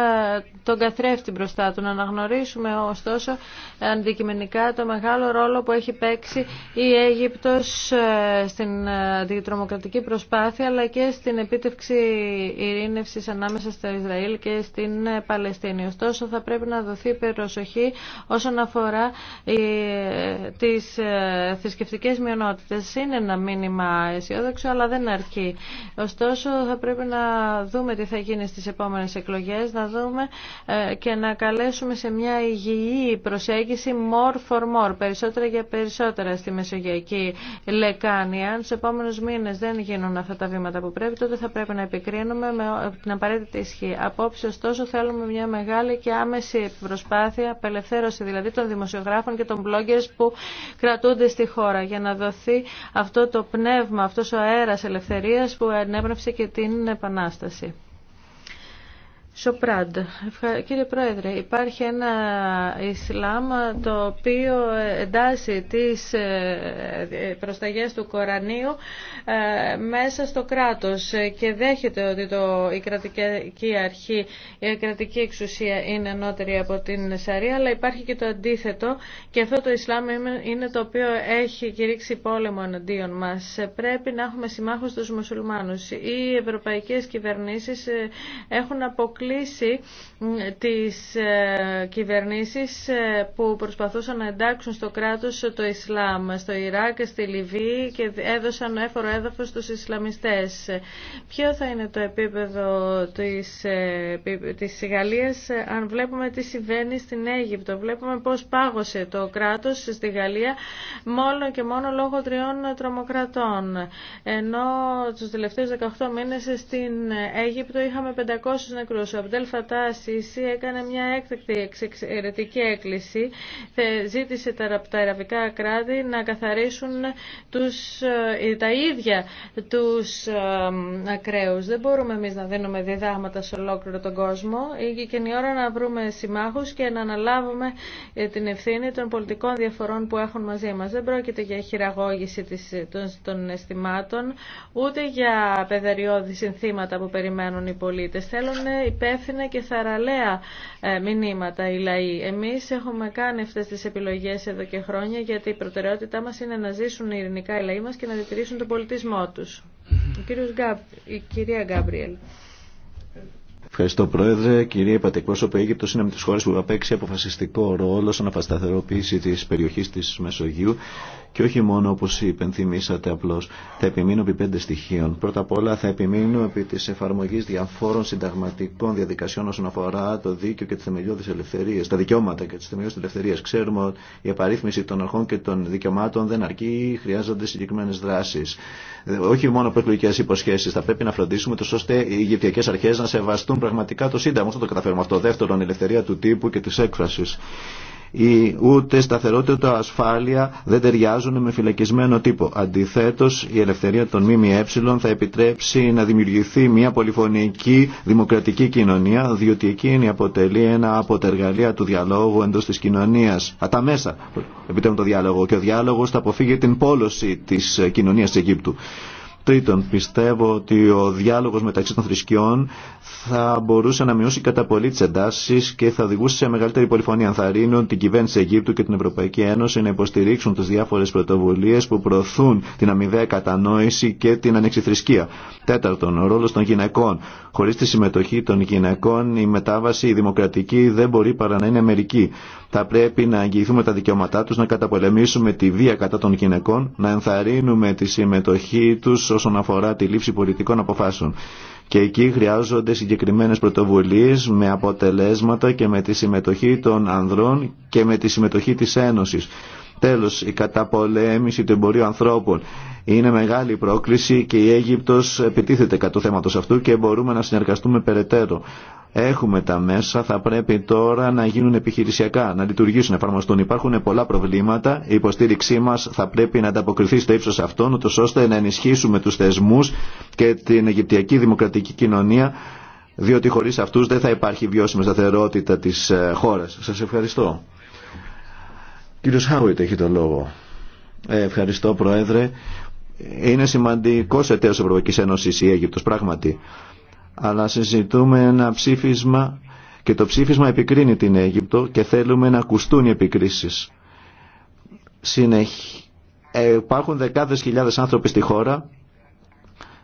τον καθρέφτη μπροστά του να αναγνωρίσουμε ωστόσο αντικειμενικά το μεγάλο ρόλο που έχει παίξει η Αίγυπτος στην αντιτρομοκρατική προσπάθεια αλλά και στην επίτευξη ειρήνευσης ανάμεσα στο Ισραήλ και στην Παλαιστίνη. Ωστόσο θα πρέπει να δοθεί προσοχή όσον αφορά τις θρησκευτικές μειονότητες είναι ένα μήνυμα αισιόδοξο, αλλά δεν αρκεί. Ωστόσο, θα πρέπει να δούμε τι θα γίνει στι επόμενε εκλογέ να δούμε ε, και να καλέσουμε σε μια υγιή προσέγγιση more for more, περισσότερα για περισσότερα στη Μεσογειακή Λεκάνη. Αν στου επόμενου μήνε δεν γίνουν αυτά τα βήματα που πρέπει, τότε θα πρέπει να επικρίνουμε με την απαραίτητη ισχύ. Απόψε, ωστόσο, θέλουμε μια μεγάλη και άμεση προσπάθεια, απελευθέρωση δηλαδή των δημοσιογράφων και των bloggers που κρατούνται στη χώρα για να δοθεί αυτό το πνεύμα, αυτός ο αέρας ελευθερίας που ενέπνευσε και την Επανάσταση. Σοπράντ. Κύριε Πρόεδρε, υπάρχει ένα Ισλάμ το οποίο εντάσσει τις ε, ε, προσταγές του Κορανίου ε, μέσα στο κράτος και δέχεται ότι το, η κρατική αρχή, η κρατική εξουσία είναι ανώτερη από την Σαρία, αλλά υπάρχει και το αντίθετο και αυτό το Ισλάμ είναι το οποίο έχει κηρύξει πόλεμο εναντίον μας. Πρέπει να έχουμε συμμάχους τους μουσουλμάνους. Οι ευρωπαϊκές κυβερνήσεις έχουν αποκλείσει προκλήσει τις ε, κυβερνήσεις ε, που προσπαθούσαν να εντάξουν στο κράτος το Ισλάμ, στο Ιράκ, στη Λιβύη και έδωσαν έφορο έδαφος στους Ισλαμιστές. Ποιο θα είναι το επίπεδο της, ε, της Γαλλίας αν βλέπουμε τι συμβαίνει στην Αίγυπτο. Βλέπουμε πώς πάγωσε το κράτος στη Γαλλία μόνο και μόνο λόγω τριών τρομοκρατών. Ενώ τους τελευταίους 18 μήνες στην Αίγυπτο είχαμε 500 νεκρούς ο Αμπτέλ Φατά έκανε μια έκτακτη εξαιρετική έκκληση. Ζήτησε τα αραβικά κράτη να καθαρίσουν τους, ε, τα ίδια τους ε, ακραίους. Δεν μπορούμε εμείς να δίνουμε διδάγματα σε ολόκληρο τον κόσμο. Και η ώρα να βρούμε συμμάχους και να αναλάβουμε ε, την ευθύνη των πολιτικών διαφορών που έχουν μαζί μας. Δεν πρόκειται για χειραγώγηση των αισθημάτων, ούτε για παιδεριώδη συνθήματα που περιμένουν οι πολίτες. Θέλουν υπεύθυνα και θαραλέα ε, μηνύματα οι λαοί. Εμείς έχουμε κάνει αυτές τις επιλογές εδώ και χρόνια γιατί η προτεραιότητά μας είναι να ζήσουν ειρηνικά οι λαοί μας και να διατηρήσουν τον πολιτισμό τους. Ο κύριος Γκάμπ, η κυρία Γκάμπριελ. Ευχαριστώ, Πρόεδρε. Κυρία Πατεκπρόσωπε, η Αίγυπτο είναι με τι χώρε που θα παίξει αποφασιστικό ρόλο στην απασταθεροποίηση τη περιοχή τη Μεσογείου και όχι μόνο όπως υπενθυμίσατε απλώς. Θα επιμείνω επί πέντε στοιχείων. Πρώτα απ' όλα θα επιμείνω επί της εφαρμογής διαφόρων συνταγματικών διαδικασιών όσον αφορά το δίκαιο και τις θεμελιώδεις ελευθερίες, τα δικαιώματα και τις θεμελιώδεις ελευθερίες. Ξέρουμε ότι η απαρίθμηση των αρχών και των δικαιωμάτων δεν αρκεί, χρειάζονται συγκεκριμένες δράσεις. Όχι μόνο προεκλογικέ υποσχέσει, θα πρέπει να φροντίσουμε τόσο ώστε οι αρχέ να σεβαστούν πραγματικά το Σύνταγμα. στο το καταφέρουμε αυτό. Δεύτερον, ελευθερία του τύπου και τη έκφραση ή ούτε σταθερότητα ασφάλεια δεν ταιριάζουν με φυλακισμένο τύπο. Αντιθέτως, η ουτε σταθεροτητα ούτε ασφαλεια δεν ταιριαζουν με φυλακισμενο τυπο Αντιθέτω, η ελευθερια των ΜΜΕ θα επιτρέψει να δημιουργηθεί μια πολυφωνική δημοκρατική κοινωνία, διότι εκείνη αποτελεί ένα από τα εργαλεία του διαλόγου εντό τη κοινωνία, Α, τα μέσα επιτρέπουν το διάλογο και ο διάλογο θα αποφύγει την πόλωση τη κοινωνία Αιγύπτου. Τρίτον, πιστεύω ότι ο διάλογος μεταξύ των θρησκειών θα μπορούσε να μειώσει κατά πολύ τι εντάσει και θα οδηγούσε σε μεγαλύτερη πολυφωνία. ανθαρρύνων την κυβέρνηση Αιγύπτου και την Ευρωπαϊκή Ένωση να υποστηρίξουν τι διάφορε πρωτοβουλίε που προωθούν την αμοιβαία κατανόηση και την ανεξιθρησκεία. Τέταρτον, ο ρόλο των γυναικών. Χωρί τη συμμετοχή των γυναικών, η μετάβαση η δημοκρατική δεν μπορεί παρά να είναι μερική. Θα πρέπει να αγγιηθούμε τα δικαιώματά του, να καταπολεμήσουμε τη βία κατά των γυναικών, να ενθαρρύνουμε τη συμμετοχή του όσον αφορά τη λήψη πολιτικών αποφάσεων. Και εκεί χρειάζονται συγκεκριμένες πρωτοβουλίες με αποτελέσματα και με τη συμμετοχή των ανδρών και με τη συμμετοχή της Ένωσης. Τέλος, η καταπολέμηση του εμπορίου ανθρώπων είναι μεγάλη πρόκληση και η Αίγυπτος επιτίθεται κατ' του θέματος αυτού και μπορούμε να συνεργαστούμε περαιτέρω. Έχουμε τα μέσα, θα πρέπει τώρα να γίνουν επιχειρησιακά, να λειτουργήσουν, να εφαρμοστούν. Υπάρχουν πολλά προβλήματα. Η υποστήριξή μα θα πρέπει να ανταποκριθεί στο ύψο αυτών, ούτω ώστε να ενισχύσουμε του θεσμού και την Αιγυπτιακή Δημοκρατική Κοινωνία, διότι χωρί αυτού δεν θα υπάρχει βιώσιμη σταθερότητα τη ε, χώρα. Σα ευχαριστώ. Κύριο Χάουιτ έχει το λόγο. Ε, ευχαριστώ, Πρόεδρε. Είναι σημαντικό εταίρο Ευρωπαϊκή Ένωση η Αίγυπτος, πράγματι αλλά συζητούμε ένα ψήφισμα και το ψήφισμα επικρίνει την Αίγυπτο και θέλουμε να ακουστούν οι επικρίσεις. Ε, υπάρχουν δεκάδες χιλιάδες άνθρωποι στη χώρα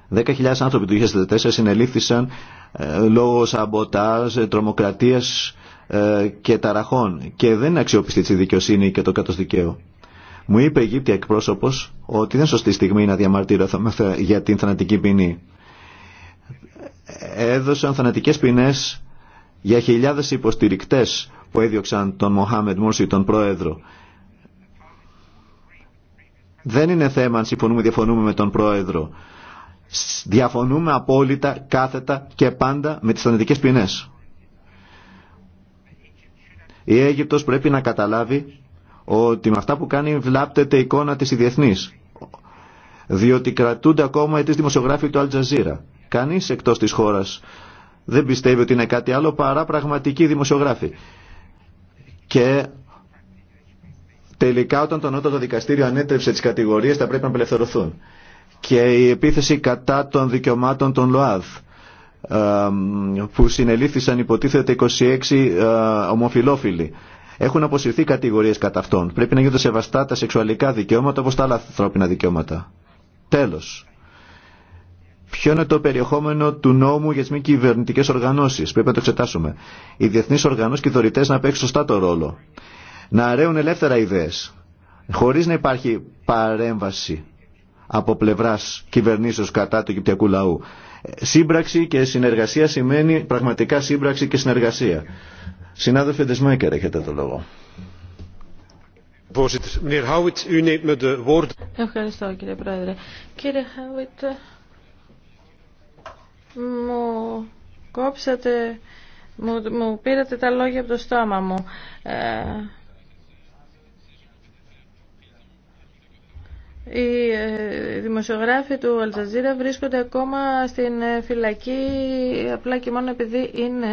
δέκα 10.000 άνθρωποι του 2004 συνελήφθησαν ε, λόγω σαμποτάζ, τρομοκρατίας ε, και ταραχών και δεν είναι αξιόπιστη δικαιοσύνη και το κατός δικαίου. Μου είπε η Αιγύπτια εκπρόσωπος ότι δεν σωστή στιγμή να διαμαρτύρω για την θανατική ποινή έδωσαν θανατικές ποινές για χιλιάδες υποστηρικτές που έδιωξαν τον Μοχάμεντ Μούρση, τον πρόεδρο. Δεν είναι θέμα αν συμφωνούμε ή διαφωνούμε με τον πρόεδρο. Διαφωνούμε απόλυτα, κάθετα και πάντα με τις θανατικές ποινές. Η Αίγυπτος πρέπει να καταλάβει ότι με αυτά που κάνει βλάπτεται η εικόνα της η Διότι κρατούνται ακόμα οι δημοσιογράφοι του Αλτζαζίρα. Κανείς εκτός της χώρας δεν πιστεύει ότι είναι κάτι άλλο παρά πραγματικοί δημοσιογράφοι. Και τελικά όταν το νότατο δικαστήριο ανέτρεψε τις κατηγορίες θα πρέπει να απελευθερωθούν. Και η επίθεση κατά των δικαιωμάτων των ΛΟΑΔ που συνελήφθησαν υποτίθεται 26 ε, ομοφιλόφιλοι. Έχουν αποσυρθεί κατηγορίες κατά αυτών. Πρέπει να γίνονται σεβαστά τα σεξουαλικά δικαιώματα όπως τα άλλα ανθρώπινα δικαιώματα. Τέλος. Ποιο είναι το περιεχόμενο του νόμου για τι μη κυβερνητικέ οργανώσει. Πρέπει να το εξετάσουμε. Οι διεθνεί οργανώσει και δωρητέ να παίξουν σωστά το ρόλο. Να αρέουν ελεύθερα ιδέε. Χωρί να υπάρχει παρέμβαση από πλευρά κυβερνήσεω κατά του Αιγυπτιακού λαού. Σύμπραξη και συνεργασία σημαίνει πραγματικά σύμπραξη και συνεργασία. Συνάδελφε Δεσμάκερ, έχετε το λόγο. Ευχαριστώ κύριε Πρόεδρε. Κύριε Χάουιτ, μου κόψατε, μου, πήρατε τα λόγια από το στόμα μου. Ε, Οι ε, δημοσιογράφοι του Αλτζαζίρα βρίσκονται ακόμα στην ε, φυλακή απλά και μόνο επειδή είναι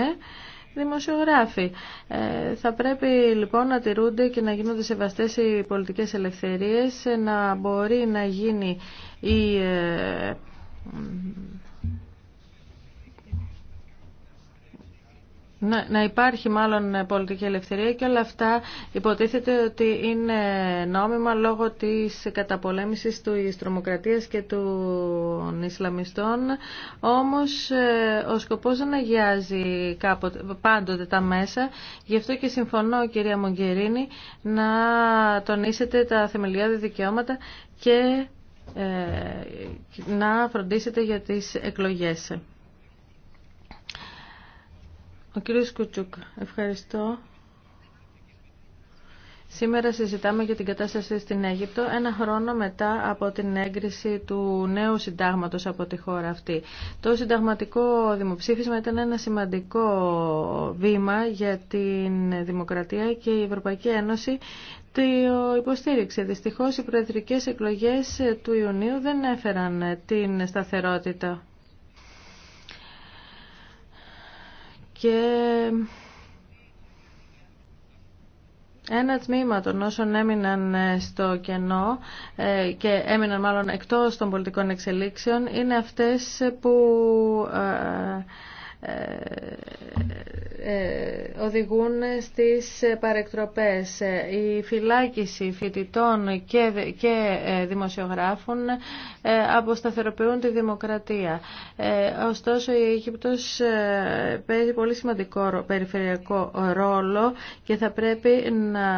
δημοσιογράφοι. Ε, θα πρέπει λοιπόν να τηρούνται και να γίνονται σεβαστές οι πολιτικές ελευθερίες, να μπορεί να γίνει η να υπάρχει μάλλον ε, πολιτική ελευθερία και όλα αυτά υποτίθεται ότι είναι νόμιμα λόγω της καταπολέμησης του τρομοκρατίας και των Ισλαμιστών όμως ε, ο σκοπός δεν αγιάζει κάποτε, πάντοτε τα μέσα γι' αυτό και συμφωνώ κυρία Μογκερίνη να τονίσετε τα θεμελιώδη δικαιώματα και ε, να φροντίσετε για τις εκλογές. Ο κύριο Κουτσούκ, ευχαριστώ. Σήμερα συζητάμε για την κατάσταση στην Αίγυπτο ένα χρόνο μετά από την έγκριση του νέου συντάγματος από τη χώρα αυτή. Το συνταγματικό δημοψήφισμα ήταν ένα σημαντικό βήμα για την δημοκρατία και η Ευρωπαϊκή Ένωση το υποστήριξε. Δυστυχώς οι προεδρικές εκλογές του Ιουνίου δεν έφεραν την σταθερότητα και ένα τμήμα των όσων έμειναν ε, στο κενό ε, και έμειναν μάλλον εκτός των πολιτικών εξελίξεων είναι αυτές που ε, ε, ε, οδηγούν στις παρεκτροπές. Ε, η φυλάκιση φοιτητών και δημοσιογράφων αποσταθεροποιούν τη δημοκρατία. Ωστόσο η Αίγυπτος παίζει πολύ σημαντικό περιφερειακό ρόλο και θα πρέπει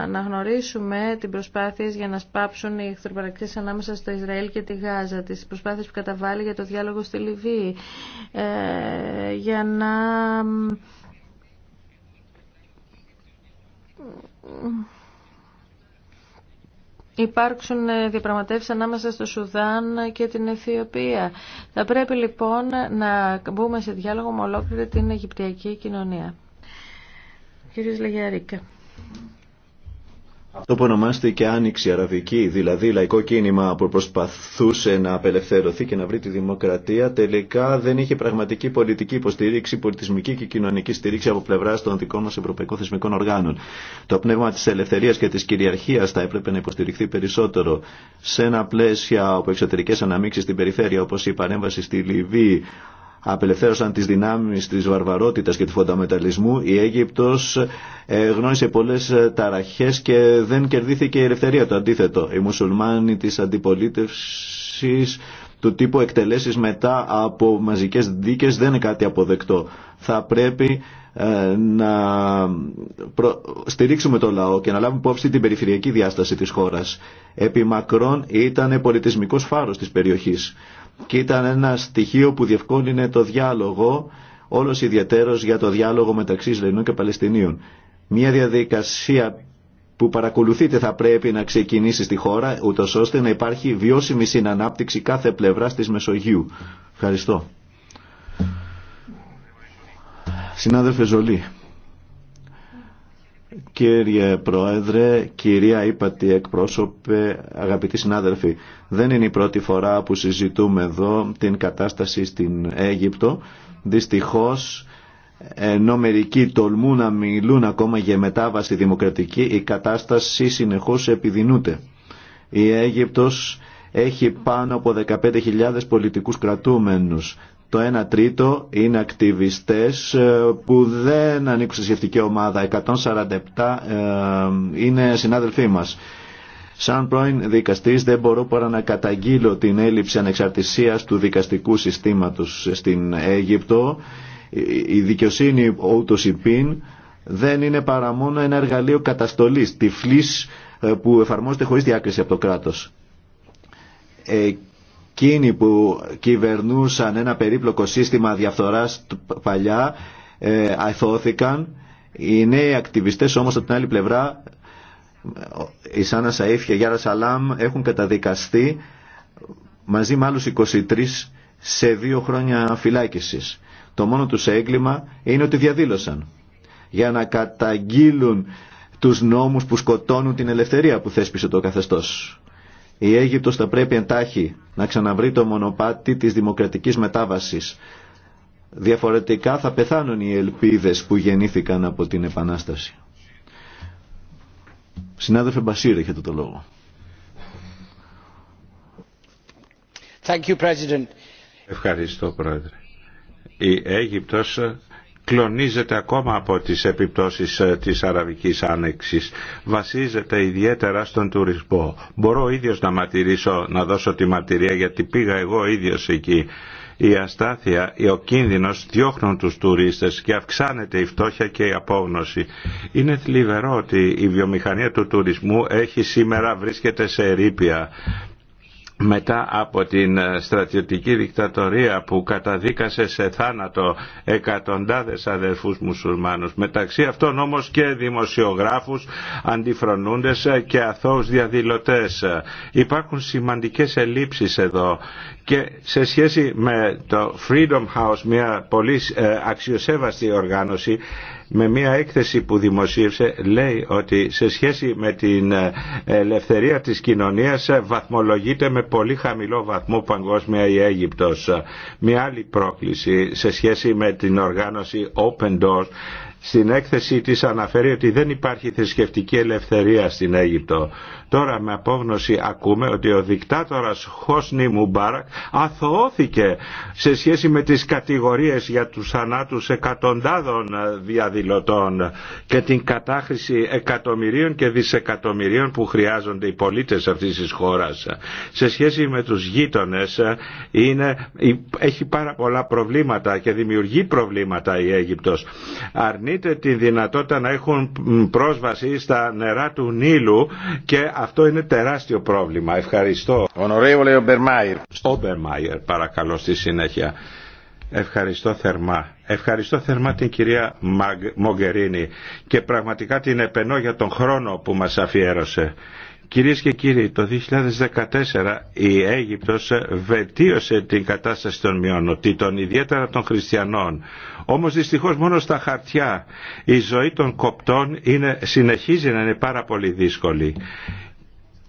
να γνωρίσουμε την προσπάθεια για να σπάψουν οι εχθροπαρακτήσεις ανάμεσα στο Ισραήλ και τη Γάζα, τις προσπάθειες που καταβάλει για το διάλογο στη Λιβύη, για να Υπάρξουν διαπραγματεύσεις ανάμεσα στο Σουδάν και την Αιθιοπία. Θα πρέπει λοιπόν να μπούμε σε διάλογο με ολόκληρη την Αιγυπτιακή κοινωνία. Κύριος Λεγιαρίκα αυτό που ονομάστηκε άνοιξη αραβική, δηλαδή λαϊκό κίνημα που προσπαθούσε να απελευθερωθεί και να βρει τη δημοκρατία, τελικά δεν είχε πραγματική πολιτική υποστήριξη, πολιτισμική και κοινωνική στήριξη από πλευρά των δικών μα ευρωπαϊκών θεσμικών οργάνων. Το πνεύμα τη ελευθερία και τη κυριαρχία θα έπρεπε να υποστηριχθεί περισσότερο σε ένα πλαίσιο από εξωτερικέ αναμίξει στην περιφέρεια, όπω η παρέμβαση στη Λιβύη, απελευθέρωσαν τις δυνάμεις της βαρβαρότητας και του φονταμεταλλισμού, η Αίγυπτος ε, γνώρισε πολλές ε, ταραχές και δεν κερδίθηκε η ελευθερία το Αντίθετο, οι μουσουλμάνοι της αντιπολίτευσης του τύπου εκτελέσεις μετά από μαζικές δίκες δεν είναι κάτι αποδεκτό. Θα πρέπει ε, να στηρίξουμε το λαό και να λάβουμε υπόψη την περιφερειακή διάσταση της χώρας. Επί μακρόν ήταν πολιτισμικός φάρος της περιοχής και ήταν ένα στοιχείο που διευκόλυνε το διάλογο, όλος ιδιαίτερος για το διάλογο μεταξύ Ισραηλινών και Παλαιστινίων. Μια διαδικασία που παρακολουθείτε θα πρέπει να ξεκινήσει στη χώρα, ούτω ώστε να υπάρχει βιώσιμη συνανάπτυξη κάθε πλευρά τη Μεσογείου. Ευχαριστώ. Συνάδελφε Ζολή. Κύριε Πρόεδρε, κυρία Ήπατη εκπρόσωπε, αγαπητοί συνάδελφοι, δεν είναι η πρώτη φορά που συζητούμε εδώ την κατάσταση στην Αίγυπτο. Δυστυχώς, ενώ μερικοί τολμούν να μιλούν ακόμα για μετάβαση δημοκρατική, η κατάσταση συνεχώς επιδεινούται. Η Αίγυπτος έχει πάνω από 15.000 πολιτικούς κρατούμενους. Το 1 τρίτο είναι ακτιβιστές ε, που δεν ανήκουν σε σχετική ομάδα. 147 ε, είναι συνάδελφοί μας. Σαν πρώην δικαστής δεν μπορώ παρά να καταγγείλω την έλλειψη ανεξαρτησίας του δικαστικού συστήματος στην Αίγυπτο. Η δικαιοσύνη ούτως υπήν δεν είναι παρά μόνο ένα εργαλείο καταστολής, τυφλής ε, που εφαρμόζεται χωρίς διάκριση από το κράτος εκείνοι που κυβερνούσαν ένα περίπλοκο σύστημα διαφθοράς παλιά ε, αθώθηκαν. Οι νέοι ακτιβιστές όμως από την άλλη πλευρά, η Σάνα Σαΐφ και η Γιάρα Σαλάμ έχουν καταδικαστεί μαζί με άλλους 23 σε δύο χρόνια φυλάκισης. Το μόνο τους έγκλημα είναι ότι διαδήλωσαν για να καταγγείλουν τους νόμους που σκοτώνουν την ελευθερία που θέσπισε το καθεστώς. Η Αίγυπτος θα πρέπει εντάχει να ξαναβρει το μονοπάτι της δημοκρατικής μετάβασης. Διαφορετικά θα πεθάνουν οι ελπίδες που γεννήθηκαν από την Επανάσταση. Συνάδελφε Μπασίρ, έχετε το λόγο. Thank you, Ευχαριστώ, Πρόεδρε. Η Αίγυπτος κλονίζεται ακόμα από τις επιπτώσεις ε, της Αραβικής Άνοιξης. Βασίζεται ιδιαίτερα στον τουρισμό. Μπορώ ίδιος να ματηρήσω να δώσω τη ματηρία γιατί πήγα εγώ ίδιος εκεί. Η αστάθεια, ο κίνδυνος διώχνουν τους τουρίστες και αυξάνεται η φτώχεια και η απόγνωση. Είναι θλιβερό ότι η βιομηχανία του τουρισμού έχει σήμερα βρίσκεται σε ερήπια μετά από την ε, στρατιωτική δικτατορία που καταδίκασε σε θάνατο εκατοντάδες αδερφούς μουσουλμάνους μεταξύ αυτών όμως και δημοσιογράφους αντιφρονούντες ε, και αθώους διαδηλωτές ε, υπάρχουν σημαντικές ελλείψεις εδώ και σε σχέση με το Freedom House μια πολύ αξιοσέβαστη οργάνωση με μια έκθεση που δημοσίευσε λέει ότι σε σχέση με την ε, ελευθερία της κοινωνίας βαθμολογείται με πολύ χαμηλό βαθμό παγκόσμια η Αίγυπτος. Μια άλλη πρόκληση σε σχέση με την οργάνωση Open Doors στην έκθεση της αναφέρει ότι δεν υπάρχει θρησκευτική ελευθερία στην Αίγυπτο. Τώρα με απόγνωση ακούμε ότι ο δικτάτορας Χόσνη Μουμπάρακ αθωώθηκε σε σχέση με τις κατηγορίες για τους θανάτους εκατοντάδων διαδηλωτών και την κατάχρηση εκατομμυρίων και δισεκατομμυρίων που χρειάζονται οι πολίτες αυτής της χώρας. Σε σχέση με τους γείτονες είναι, έχει πάρα πολλά προβλήματα και δημιουργεί προβλήματα η Αίγυπτος. Αρνείται τη δυνατότητα να έχουν πρόσβαση στα νερά του Νείλου και αυτό είναι τεράστιο πρόβλημα. Ευχαριστώ. Ονορεύολε Ομπερμάιερ. Ομπερμάιερ παρακαλώ στη συνέχεια. Ευχαριστώ θερμά. Ευχαριστώ θερμά την κυρία Μογκερίνη και πραγματικά την επενώ για τον χρόνο που μας αφιέρωσε. Κυρίες και κύριοι, το 2014 η Αίγυπτος βελτίωσε την κατάσταση των μειονοτήτων, ιδιαίτερα των χριστιανών. Όμως δυστυχώς μόνο στα χαρτιά η ζωή των κοπτών είναι, συνεχίζει να είναι πάρα πολύ δύσκολη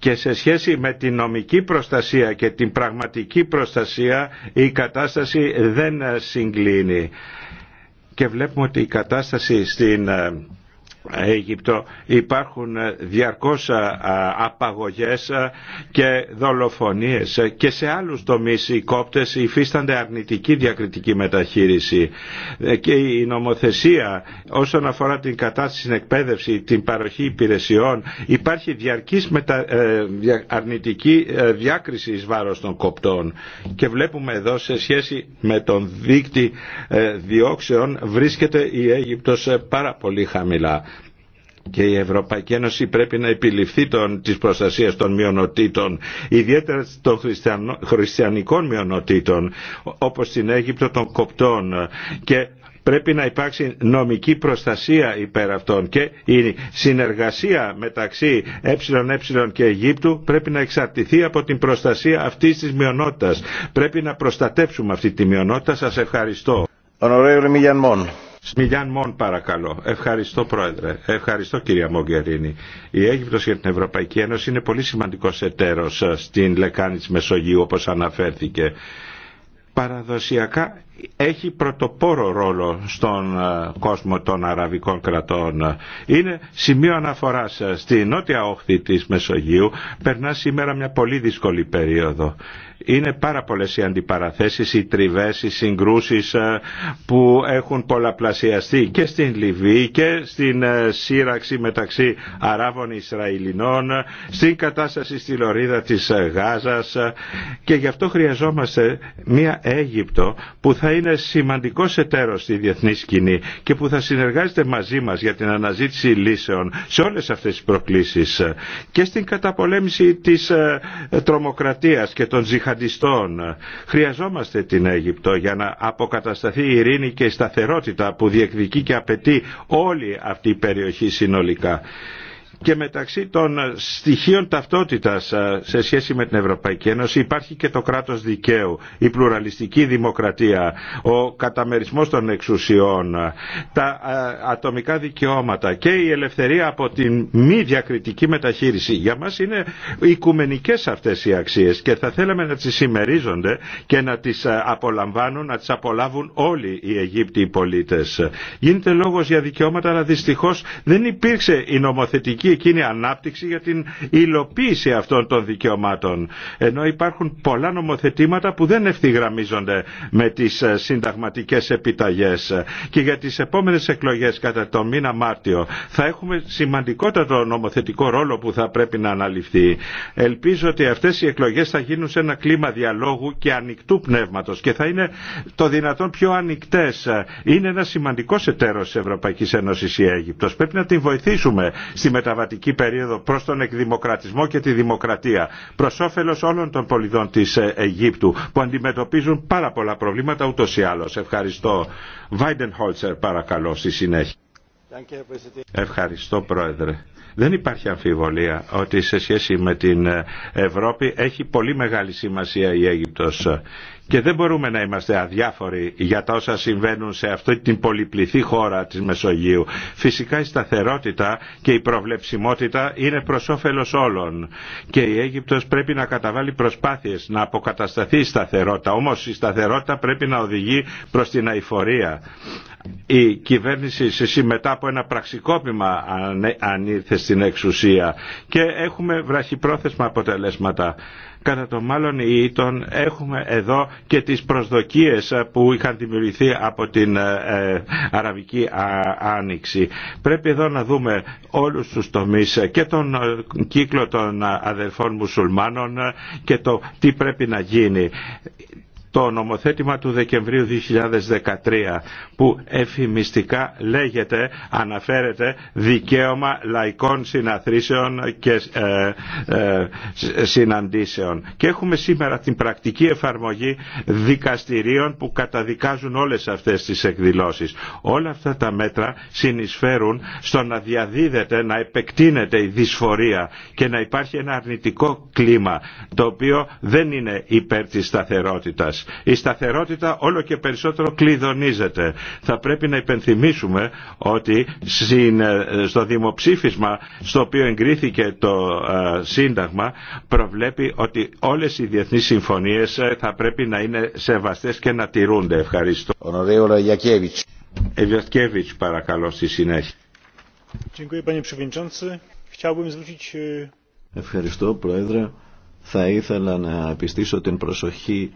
και σε σχέση με την νομική προστασία και την πραγματική προστασία η κατάσταση δεν συγκλίνει. Και βλέπουμε ότι η κατάσταση στην ε, Αίγυπτο υπάρχουν ε, διαρκώς ε, ε, απαγωγές και δολοφονίες και σε άλλους τομείς οι κόπτες υφίστανται αρνητική διακριτική μεταχείριση και η νομοθεσία όσον αφορά την κατάσταση στην εκπαίδευση, την παροχή υπηρεσιών υπάρχει διαρκής αρνητική διάκριση εις βάρος των κοπτών και βλέπουμε εδώ σε σχέση με τον δίκτυ διώξεων βρίσκεται η Αίγυπτος πάρα πολύ χαμηλά και η Ευρωπαϊκή Ένωση πρέπει να επιληφθεί των, της προστασίας των μειονοτήτων, ιδιαίτερα των χριστιανικών μειονοτήτων, όπως στην Αίγυπτο των Κοπτών και πρέπει να υπάρξει νομική προστασία υπέρ αυτών και η συνεργασία μεταξύ ΕΕ και Αιγύπτου πρέπει να εξαρτηθεί από την προστασία αυτής της μειονότητας. Πρέπει να προστατέψουμε αυτή τη μειονότητα. Σας ευχαριστώ. Σμιλιάν Μον παρακαλώ. Ευχαριστώ Πρόεδρε. Ευχαριστώ κυρία Μογκερίνη. Η Αίγυπτος για την Ευρωπαϊκή Ένωση είναι πολύ σημαντικός εταίρος ε, στην λεκάνη της Μεσογείου όπως αναφέρθηκε. Παραδοσιακά έχει πρωτοπόρο ρόλο στον ε, κόσμο των αραβικών κρατών. Είναι σημείο αναφοράς ε, στη νότια όχθη της Μεσογείου. Περνά σήμερα μια πολύ δύσκολη περίοδο. Είναι πάρα πολλές οι αντιπαραθέσεις, οι τριβές, οι συγκρούσεις ε, που έχουν πολλαπλασιαστεί και στην Λιβύη και στην ε, σύραξη μεταξύ Αράβων Ισραηλινών, στην κατάσταση στη Λωρίδα της ε, Γάζας και γι' αυτό χρειαζόμαστε μια Αίγυπτο που θα είναι σημαντικός εταίρος στη διεθνή σκηνή και που θα συνεργάζεται μαζί μας για την αναζήτηση λύσεων σε όλες αυτές τις προκλήσεις και στην καταπολέμηση της τρομοκρατίας και των τζιχαντιστών. Χρειαζόμαστε την Αίγυπτο για να αποκατασταθεί η ειρήνη και η σταθερότητα που διεκδικεί και απαιτεί όλη αυτή η περιοχή συνολικά και μεταξύ των ε, στοιχείων ταυτότητας ε, σε σχέση με την Ευρωπαϊκή Ένωση υπάρχει και το κράτος δικαίου, η πλουραλιστική δημοκρατία, ο καταμερισμός των εξουσιών, ε, τα ατομικά δικαιώματα και η ελευθερία από την μη διακριτική μεταχείριση. Για μας είναι οικουμενικές αυτές οι αξίες και θα θέλαμε να τις συμμερίζονται και να τις απολαμβάνουν, να τις απολαύουν όλοι οι Αιγύπτιοι πολίτες. Γίνεται λόγος για δικαιώματα αλλά δυστυχώς δεν υπήρξε η νομοθετική πραγματική εκείνη ανάπτυξη για την υλοποίηση αυτών των δικαιωμάτων. Ενώ υπάρχουν πολλά νομοθετήματα που δεν ευθυγραμμίζονται με τις ε, συνταγματικές επιταγές. Και για τις επόμενες εκλογές κατά τον μήνα Μάρτιο θα έχουμε σημαντικότατο νομοθετικό ρόλο που θα πρέπει να αναλυφθεί. Ελπίζω ότι αυτές οι εκλογές θα γίνουν σε ένα κλίμα διαλόγου και ανοιχτού πνεύματος και θα είναι το δυνατόν πιο ανοιχτέ. Είναι ένα σημαντικό εταίρο τη Ευρωπαϊκής Ένωσης η Αίγυπτος. Πρέπει να την βοηθήσουμε στη μεταβατική περίοδο προς τον εκδημοκρατισμό και τη δημοκρατία προς όφελος όλων των πολιτών της ε, Αιγύπτου που αντιμετωπίζουν πάρα πολλά προβλήματα ούτως ή άλλως. Ευχαριστώ. Βάιντεν Χόλτσερ παρακαλώ στη συνέχεια. Ευχαριστώ Πρόεδρε. Δεν υπάρχει αμφιβολία ότι σε σχέση με την ε, Ευρώπη έχει πολύ μεγάλη σημασία η Αίγυπτος και δεν μπορούμε να είμαστε αδιάφοροι για τα όσα συμβαίνουν σε αυτή την πολυπληθή χώρα της Μεσογείου. Φυσικά η σταθερότητα και η προβλεψιμότητα είναι προς όφελος όλων. Και η Αίγυπτος πρέπει να καταβάλει προσπάθειες να αποκατασταθεί η σταθερότητα. Όμως η σταθερότητα πρέπει να οδηγεί προς την αηφορία. Η κυβέρνηση σε μετά από ένα πραξικόπημα ανήρθε στην εξουσία και έχουμε βραχυπρόθεσμα αποτελέσματα. Κατά το μάλλον ή έχουμε εδώ και τις προσδοκίες ε, που είχαν δημιουργηθεί από την ε, ε, Αραβική Άνοιξη. Πρέπει εδώ να δούμε όλους τους τομείς και τον κύκλο των αδερφών μουσουλμάνων και το τι πρέπει να γίνει το νομοθέτημα του Δεκεμβρίου 2013 που εφημιστικά λέγεται, αναφέρεται δικαίωμα λαϊκών συναθρήσεων και ε, ε, συναντήσεων. Και έχουμε σήμερα την πρακτική εφαρμογή δικαστηρίων που καταδικάζουν όλες αυτές τις εκδηλώσεις. Όλα αυτά τα μέτρα συνεισφέρουν στο να διαδίδεται, να επεκτείνεται η δυσφορία και να υπάρχει ένα αρνητικό κλίμα το οποίο δεν είναι υπέρ της σταθερότητας η σταθερότητα όλο και περισσότερο κλειδονίζεται. Θα πρέπει να υπενθυμίσουμε ότι ε, στο δημοψήφισμα στο οποίο εγκρίθηκε το ε, Σύνταγμα προβλέπει ότι όλες οι διεθνείς συμφωνίες ε, θα πρέπει να είναι σεβαστές και να τηρούνται. Ευχαριστώ. παρακαλώ στη συνέχεια. E, Ευχαριστώ Πρόεδρε. Θα ήθελα να επιστήσω την προσοχή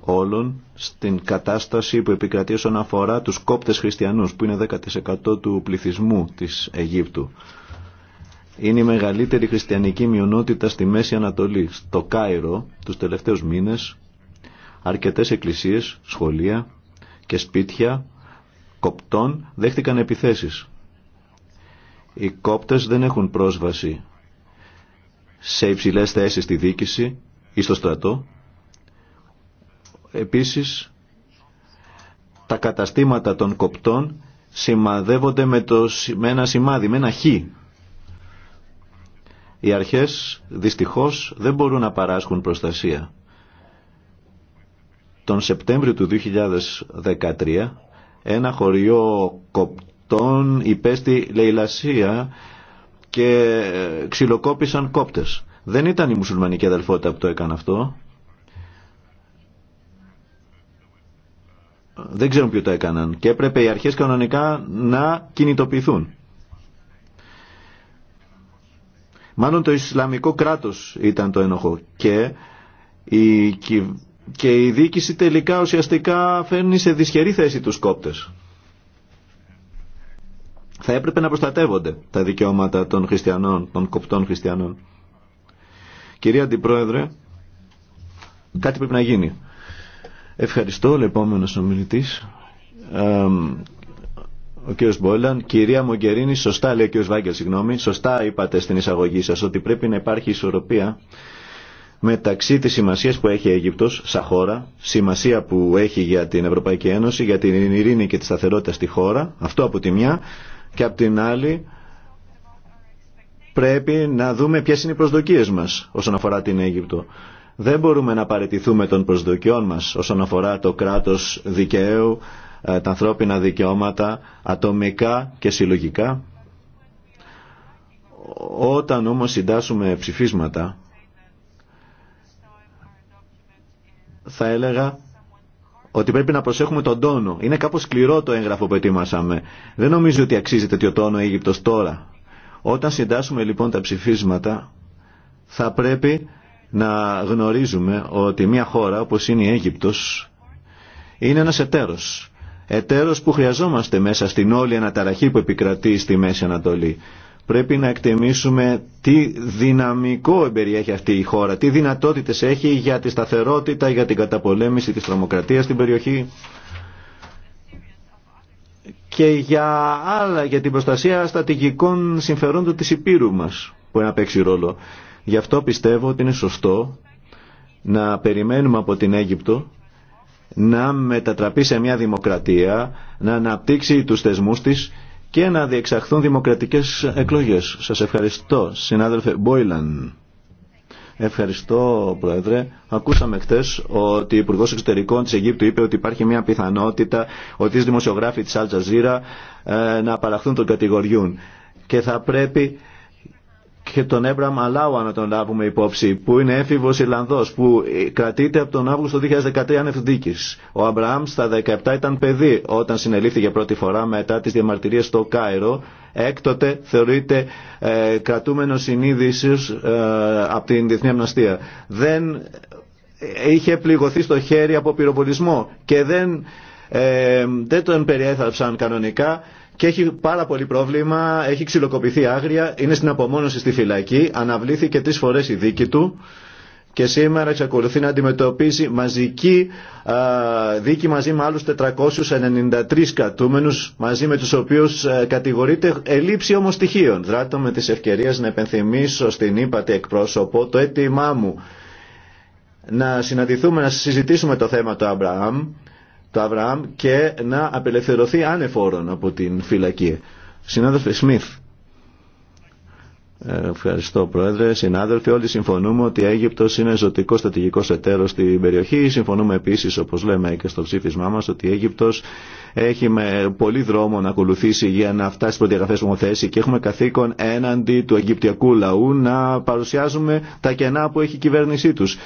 όλων στην κατάσταση που επικρατεί όσον αφορά τους κόπτες χριστιανούς που είναι 10% του πληθυσμού της Αιγύπτου. Είναι η μεγαλύτερη χριστιανική μειονότητα στη Μέση Ανατολή. Στο Κάιρο τους τελευταίους μήνες αρκετές εκκλησίες, σχολεία και σπίτια κοπτών δέχτηκαν επιθέσεις. Οι κόπτες δεν έχουν πρόσβαση σε υψηλές θέσεις στη δίκηση ή στο στρατό Επίσης, τα καταστήματα των κοπτών σημαδεύονται με, το, με ένα σημάδι, με ένα χ. Οι αρχές δυστυχώς δεν μπορούν να παράσχουν προστασία. Τον Σεπτέμβριο του 2013 ένα χωριό κοπτών υπέστη λαιλασία και ε, ξυλοκόπησαν κόπτες. Δεν ήταν η μουσουλμανική αδελφότητα που το έκανε αυτό. δεν ξέρουν ποιο το έκαναν και έπρεπε οι αρχές κανονικά να κινητοποιηθούν. Μάλλον το Ισλαμικό κράτος ήταν το ενοχό και η, και η διοίκηση τελικά ουσιαστικά φέρνει σε δυσχερή θέση τους κόπτες. Θα έπρεπε να προστατεύονται τα δικαιώματα των χριστιανών, των κοπτών χριστιανών. Κυρία Αντιπρόεδρε, κάτι πρέπει να γίνει. Ευχαριστώ, επόμενο ομιλητή. Ο κ. Μπόλαν, κυρία Μογκερίνη, σωστά λέει ο κ. Βάγκελ, συγγνώμη, σωστά είπατε στην εισαγωγή σα ότι πρέπει να υπάρχει ισορροπία μεταξύ της σημασίας που έχει η Αίγυπτος σαν χώρα, σημασία που έχει για την Ευρωπαϊκή Ένωση, για την ειρήνη και τη σταθερότητα στη χώρα, αυτό από τη μια, και από την άλλη πρέπει να δούμε ποιες είναι οι προσδοκίες μας όσον αφορά την Αίγυπτο. Δεν μπορούμε να παραιτηθούμε των προσδοκιών μας όσον αφορά το κράτος δικαίου, ε, τα ανθρώπινα δικαιώματα, ατομικά και συλλογικά. Όταν όμως συντάσσουμε ψηφίσματα, θα έλεγα ότι πρέπει να προσέχουμε τον τόνο. Είναι κάπως σκληρό το έγγραφο που ετοίμασαμε. Δεν νομίζω ότι αξίζει τέτοιο τόνο ο Αίγυπτος τώρα. Όταν συντάσσουμε λοιπόν τα ψηφίσματα, θα πρέπει να γνωρίζουμε ότι μια χώρα όπως είναι η Αίγυπτος είναι ένας εταίρος. Εταίρος που χρειαζόμαστε μέσα στην όλη αναταραχή που επικρατεί στη Μέση Ανατολή. Πρέπει να εκτιμήσουμε τι δυναμικό εμπεριέχει αυτή η χώρα, τι δυνατότητες έχει για τη σταθερότητα, για την καταπολέμηση της τρομοκρατίας στην περιοχή και για, άλλα, για την προστασία στατηγικών συμφερόντων της Υπήρου μας που να παίξει ρόλο. Γι' αυτό πιστεύω ότι είναι σωστό να περιμένουμε από την Αίγυπτο να μετατραπεί σε μια δημοκρατία, να αναπτύξει τους θεσμούς της και να διεξαχθούν δημοκρατικές εκλογές. Σας ευχαριστώ, συνάδελφε Μπόιλαν. Ευχαριστώ, Πρόεδρε. Ακούσαμε χθε ότι ο Υπουργό Εξωτερικών τη Αιγύπτου είπε ότι υπάρχει μια πιθανότητα ότι οι δημοσιογράφοι τη Αλτζαζίρα ε, να παραχθούν των κατηγοριών. Και θα πρέπει και τον Έμπραμ Αλάου, να τον λάβουμε υπόψη, που είναι έφηβος Ιρλανδός, που ε, κρατείται από τον Αύγουστο 2013 ανευθυντικής. Ο Αμπραάμ στα 17 ήταν παιδί όταν συνελήφθη για πρώτη φορά μετά τις διαμαρτυρίες στο Κάιρο. Έκτοτε θεωρείται ε, κρατούμενο συνείδησης ε, από την Διεθνή Αμναστία. Δεν ε, είχε πληγωθεί στο χέρι από πυροβολισμό και δεν, ε, δεν τον περιέθαψαν κανονικά και έχει πάρα πολύ πρόβλημα, έχει ξυλοκοπηθεί άγρια, είναι στην απομόνωση στη φυλακή, αναβλήθηκε τρεις φορές η δίκη του και σήμερα εξακολουθεί να αντιμετωπίσει μαζική δίκη μαζί με άλλους 493 κατούμενους μαζί με τους οποίους ε, κατηγορείται ελήψη όμως στοιχείων. Δράτω με τις ευκαιρίες να επενθυμίσω στην ύπατη εκπρόσωπο το αίτημά μου να συναντηθούμε, να συζητήσουμε το θέμα του Αμπραάμ το Αβραάμ και να απελευθερωθεί ανεφόρον από την φυλακή. Συνάδελφε Σμιθ. Ε, ευχαριστώ Πρόεδρε. Συνάδελφοι, όλοι συμφωνούμε ότι η Αίγυπτος είναι ζωτικό στρατηγικό εταίρο στην περιοχή. Συμφωνούμε επίσης, όπως λέμε και στο ψήφισμά μας, ότι η Αίγυπτος έχει με πολύ δρόμο να ακολουθήσει για να φτάσει στις προδιαγραφέ που έχουμε θέσει και έχουμε καθήκον έναντι του Αιγυπτιακού λαού να παρουσιάζουμε τα κενά που έχει η κυβέρνησή τους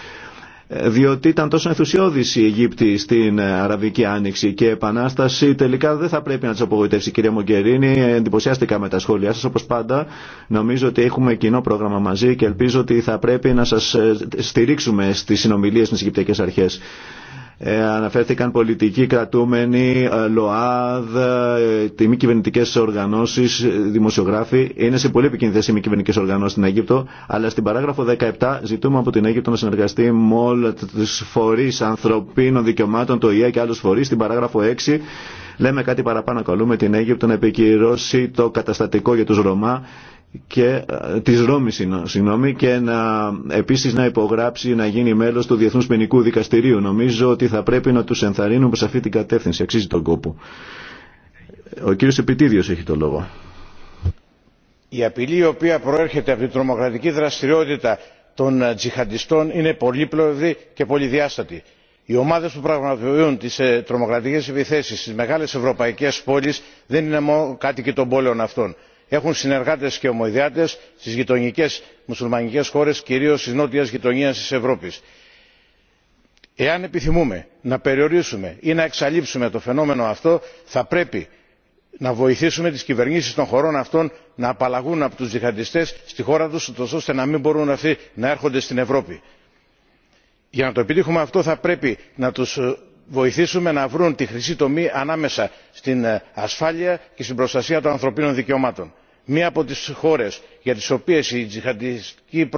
διότι ήταν τόσο ενθουσιώδης η Αιγύπτη στην Αραβική Άνοιξη και Επανάσταση τελικά δεν θα πρέπει να τις απογοητεύσει. Κυρία Μογκερίνη, εντυπωσιάστηκα με τα σχόλιά σας όπως πάντα. Νομίζω ότι έχουμε κοινό πρόγραμμα μαζί και ελπίζω ότι θα πρέπει να σας ε, στηρίξουμε στις συνομιλίες στις Αιγυπτιακές Αρχές. Ε, αναφέρθηκαν πολιτικοί κρατούμενοι, ε, ΛΟΑΔ, ε, τι μη κυβερνητικέ οργανώσει, δημοσιογράφοι. Είναι σε πολύ επικίνδυνε οι μη κυβερνητικέ οργανώσει στην Αίγυπτο, αλλά στην παράγραφο 17 ζητούμε από την Αίγυπτο να συνεργαστεί με όλου του φορεί ανθρωπίνων δικαιωμάτων, το ΙΕ και άλλου φορεί. Στην παράγραφο 6 λέμε κάτι παραπάνω. Καλούμε την Αίγυπτο να επικυρώσει το καταστατικό για του Ρωμά και ε, της Ρώμης συγγνώμη, και να, επίσης να υπογράψει να γίνει μέλος του Διεθνούς Ποινικού Δικαστηρίου. Νομίζω ότι θα πρέπει να τους ενθαρρύνουμε σε αυτή την κατεύθυνση. Αξίζει τον κόπο. Ο κύριος Επιτίδιος έχει το λόγο. Η απειλή η οποία προέρχεται από την τρομοκρατική δραστηριότητα των ε, τζιχαντιστών είναι πολύπλευρη και πολυδιάστατη. Οι ομάδες που πραγματοποιούν τις ε, τρομοκρατικές επιθέσεις στις μεγάλες ευρωπαϊκές πόλεις δεν είναι μόνο κάτοικοι των πόλεων αυτών έχουν συνεργάτε και ομοειδιάτε στι γειτονικέ μουσουλμανικέ χώρε κυρίω τη νότια γειτονιά τη ευρώπη. εάν επιθυμούμε να περιορίσουμε ή να εξαλείψουμε το φαινόμενο αυτό θα πρέπει να βοηθήσουμε τι κυβερνήσει των χωρών αυτών να απαλλαγούν από του τζιχαντιστέ στη χώρα του ώστε να μην μπορούν αυτοί να έρχονται στην ευρώπη. για να το επιτύχουμε αυτό θα πρέπει να του ε, βοηθήσουμε να βρουν τη χρυσή τομή ανάμεσα στην ε, ασφάλεια και στην προστασία των ανθρωπίνων δικαιωμάτων μία από τις χώρες για τις οποίες η τζιχαντιστική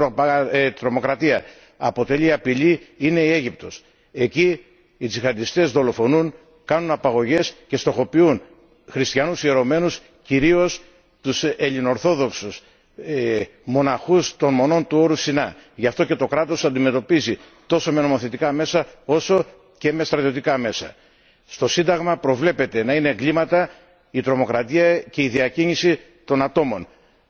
ε, τρομοκρατία αποτελεί απειλή είναι η αίγυπτος. εκεί οι τζιχαντιστές δολοφονούν κάνουν απαγωγές και στοχοποιούν χριστιανούς ιερωμένους κυρίως τους ελληνοορθόδοξους ε, μοναχούς των μονών του όρου σινά. γι' αυτό και το κράτος αντιμετωπίζει τόσο με νομοθετικά μέσα όσο και με στρατιωτικά μέσα. στο σύνταγμα προβλέπεται να είναι εγκλήματα η τρομοκρατία και η διακίνηση των ατόμων.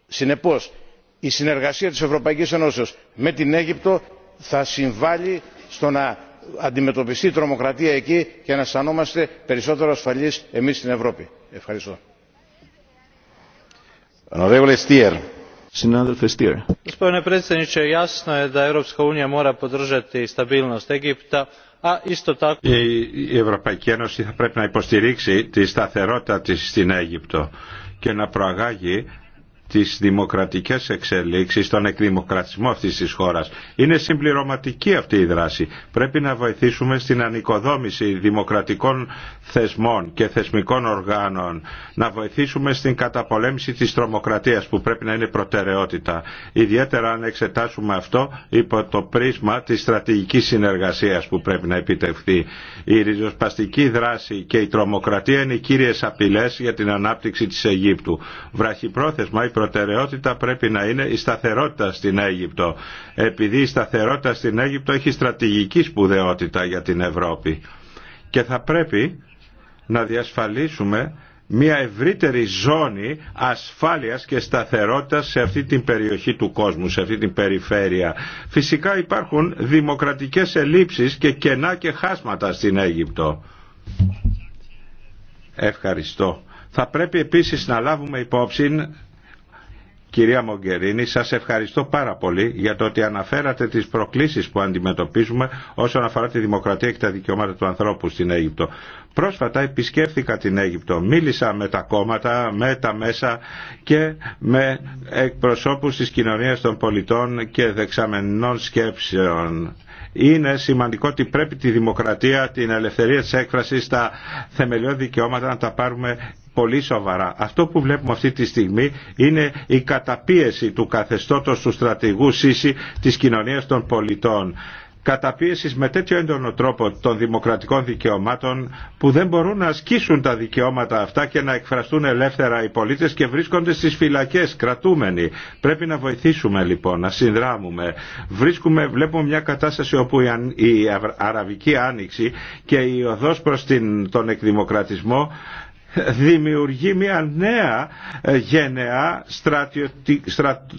συνεπώς η συνεργασία της ευρωπαϊκής Ένωσης με την αίγυπτο θα συμβάλει στο να αντιμετωπιστεί η τρομοκρατία εκεί και να αισθανόμαστε περισσότερο ασφαλείς εμείς στην ευρώπη. ευχαριστώ. gospodine predsjedniče, jasno je da europska unija mora stabilnost η ευρωπαϊκή ένωση θα πρέπει να υποστηρίξει τη σταθερότητα της στην αίγυπτο και να προαγάγει τις δημοκρατικές εξελίξεις, τον εκδημοκρατισμό αυτής της χώρας. Είναι συμπληρωματική αυτή η δράση. Πρέπει να βοηθήσουμε στην ανοικοδόμηση δημοκρατικών θεσμών και θεσμικών οργάνων, να βοηθήσουμε στην καταπολέμηση της τρομοκρατίας που πρέπει να είναι προτεραιότητα. Ιδιαίτερα αν εξετάσουμε αυτό υπό το πρίσμα της στρατηγικής συνεργασίας που πρέπει να επιτευχθεί. Η ριζοσπαστική δράση και η τρομοκρατία είναι οι κύριε απειλέ για την ανάπτυξη τη Αιγύπτου. Βραχυπρόθεσμα προτεραιότητα πρέπει να είναι η σταθερότητα στην Αίγυπτο, επειδή η σταθερότητα στην Αίγυπτο έχει στρατηγική σπουδαιότητα για την Ευρώπη. Και θα πρέπει να διασφαλίσουμε μια ευρύτερη ζώνη ασφάλειας και σταθερότητας σε αυτή την περιοχή του κόσμου, σε αυτή την περιφέρεια. Φυσικά υπάρχουν δημοκρατικές ελλείψεις και κενά και χάσματα στην Αίγυπτο. Ευχαριστώ. Θα πρέπει επίσης να λάβουμε υπόψη Κυρία Μογκερίνη, σας ευχαριστώ πάρα πολύ για το ότι αναφέρατε τις προκλήσεις που αντιμετωπίζουμε όσον αφορά τη δημοκρατία και τα δικαιώματα του ανθρώπου στην Αίγυπτο. Πρόσφατα επισκέφθηκα την Αίγυπτο, μίλησα με τα κόμματα, με τα μέσα και με εκπροσώπους της κοινωνίας των πολιτών και δεξαμενών σκέψεων. Είναι σημαντικό ότι πρέπει τη δημοκρατία, την ελευθερία της έκφρασης, τα θεμελιώδη δικαιώματα να τα πάρουμε πολύ σοβαρά. Αυτό που βλέπουμε αυτή τη στιγμή είναι η καταπίεση του καθεστώτος του στρατηγού Σίση της κοινωνίας των πολιτών καταπίεσης με τέτοιο έντονο τρόπο των δημοκρατικών δικαιωμάτων που δεν μπορούν να ασκήσουν τα δικαιώματα αυτά και να εκφραστούν ελεύθερα οι πολίτες και βρίσκονται στις φυλακές κρατούμενοι. Πρέπει να βοηθήσουμε λοιπόν, να συνδράμουμε. Βρίσκουμε, βλέπουμε μια κατάσταση όπου η Αραβική Άνοιξη και η οδός προς την, τον εκδημοκρατισμό δημιουργεί μια νέα ε, γενεά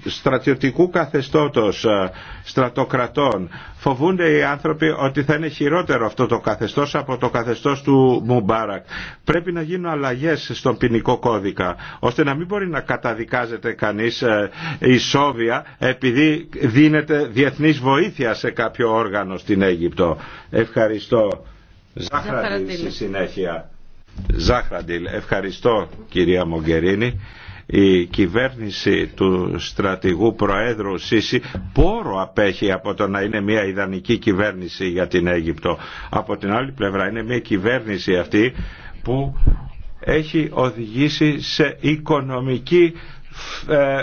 στρατιωτικού καθεστώτος ε, στρατοκρατών. Φοβούνται οι άνθρωποι ότι θα είναι χειρότερο αυτό το καθεστώς από το καθεστώς του Μουμπάρακ. Πρέπει να γίνουν αλλαγές στον ποινικό κώδικα, ώστε να μην μπορεί να καταδικάζεται κανείς ε, ισόβια επειδή δίνεται διεθνής βοήθεια σε κάποιο όργανο στην Αίγυπτο. Ευχαριστώ. Ζάχαρη στη συνέχεια. Ζάχραντιλ. Ευχαριστώ κυρία Μογκερίνη η κυβέρνηση του στρατηγού Προέδρου Σίση πόρο απέχει από το να είναι μια ιδανική κυβέρνηση για την Αίγυπτο. Από την άλλη πλευρά είναι μια κυβέρνηση αυτή που έχει οδηγήσει σε οικονομική ε,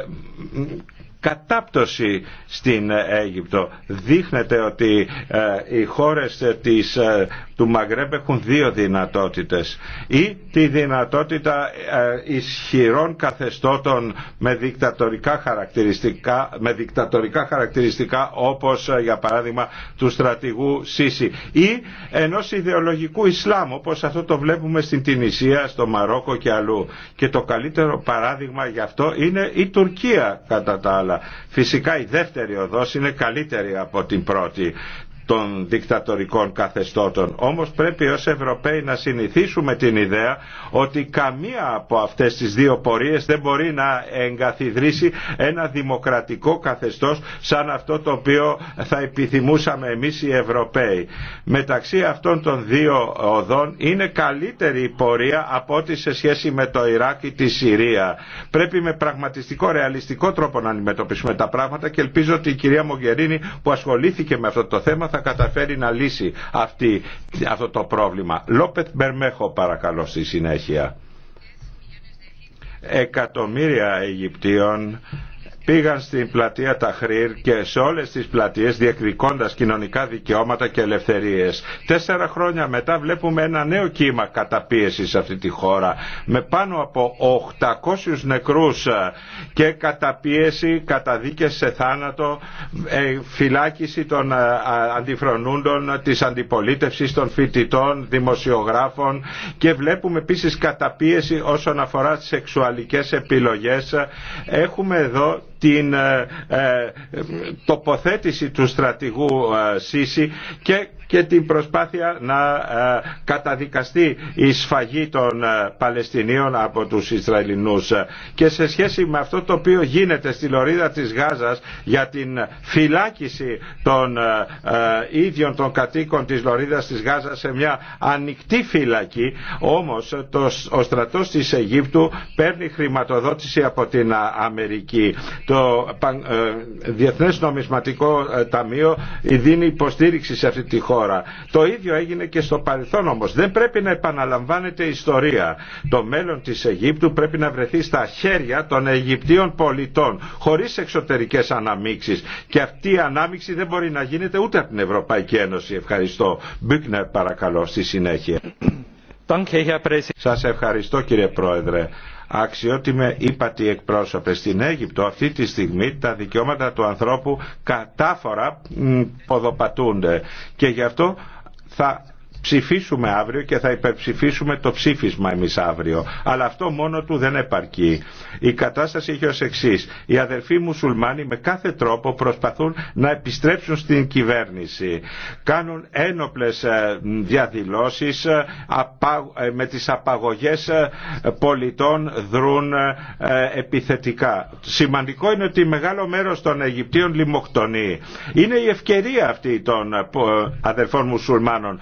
κατάπτωση στην Αίγυπτο. Δείχνεται ότι ε, οι χώρες της ε, του Μαγκρέμπ έχουν δύο δυνατότητες ή τη δυνατότητα ε, ισχυρών καθεστώτων με δικτατορικά χαρακτηριστικά, με δικτατορικά χαρακτηριστικά όπως ε, για παράδειγμα του στρατηγού Σίση ή ενός ιδεολογικού Ισλάμ όπως αυτό το βλέπουμε στην Τινησία, στο Μαρόκο και αλλού. Και το καλύτερο παράδειγμα γι' αυτό είναι η Τουρκία κατά τα άλλα. Φυσικά η δεύτερη οδός είναι καλύτερη από την πρώτη των δικτατορικών καθεστώτων. Όμως πρέπει ως Ευρωπαίοι να συνηθίσουμε την ιδέα ότι καμία από αυτές τις δύο πορείες δεν μπορεί να εγκαθιδρύσει ένα δημοκρατικό καθεστώς σαν αυτό το οποίο θα επιθυμούσαμε εμείς οι Ευρωπαίοι. Μεταξύ αυτών των δύο οδών είναι καλύτερη η πορεία από ό,τι σε σχέση με το Ιράκ ή τη Συρία. Πρέπει με πραγματιστικό, ρεαλιστικό τρόπο να αντιμετωπίσουμε τα πράγματα και ελπίζω ότι η κυρία Μογκερίνη που ασχολήθηκε με αυτό το θέμα θα καταφέρει να λύσει αυτή, αυτό το πρόβλημα. Λόπετ Μπερμέχο παρακαλώ στη συνέχεια. Εκατομμύρια Αιγυπτίων πήγαν στην πλατεία Ταχρήρ και σε όλες τις πλατείες διεκδικώντας κοινωνικά δικαιώματα και ελευθερίες. Τέσσερα χρόνια μετά βλέπουμε ένα νέο κύμα καταπίεσης σε αυτή τη χώρα με πάνω από 800 νεκρούς ε, και καταπίεση, καταδίκες σε θάνατο, ε, φυλάκιση των ε, αντιφρονούντων, της αντιπολίτευσης των φοιτητών, δημοσιογράφων και βλέπουμε επίσης καταπίεση όσον αφορά τις σεξουαλικές επιλογές. Έχουμε εδώ την ε, ε, τοποθέτηση του στρατηγού ε, Σίση και και την προσπάθεια να ε, καταδικαστεί η σφαγή των ε, Παλαιστινίων από τους Ισραηλινούς. Ε, και σε σχέση με αυτό το οποίο γίνεται στη λωρίδα της Γάζας για την φυλάκιση των ίδιων των κατοίκων της λωρίδας της Γάζας σε μια ανοιχτή φυλακή, όμως το, ο στρατός της Αιγύπτου παίρνει χρηματοδότηση από την Αμερική. Το Διεθνές Νομισματικό Ταμείο δίνει υποστήριξη σε αυτή τη χώρα χώρα. Το ίδιο έγινε και στο παρελθόν όμως. Δεν πρέπει να επαναλαμβάνεται η ιστορία. Το μέλλον της Αιγύπτου πρέπει να βρεθεί στα χέρια των Αιγυπτίων πολιτών, χωρίς εξωτερικές αναμίξεις. Και αυτή η ανάμιξη δεν μπορεί να γίνεται ούτε από την Ευρωπαϊκή Ένωση. Ευχαριστώ. Μπίκνερ παρακαλώ στη συνέχεια. Σας ευχαριστώ κύριε Πρόεδρε. Αξιότιμε είπατε εκπρόσωπε στην Αίγυπτο αυτή τη στιγμή τα δικαιώματα του ανθρώπου κατάφορα ποδοπατούνται και γι' αυτό θα ψηφίσουμε αύριο και θα υπερψηφίσουμε το ψήφισμα εμείς αύριο. Αλλά αυτό μόνο του δεν επαρκεί. Η κατάσταση έχει ως εξή. Οι αδερφοί μουσουλμάνοι με κάθε τρόπο προσπαθούν να επιστρέψουν στην κυβέρνηση. Κάνουν ένοπλες ε, διαδηλώσεις ε, ε, με τις απαγωγές πολιτών δρούν επιθετικά. Σημαντικό είναι ότι μεγάλο μέρος των Αιγυπτίων λιμοκτονεί. Είναι η ευκαιρία αυτή των αδερφών μουσουλμάνων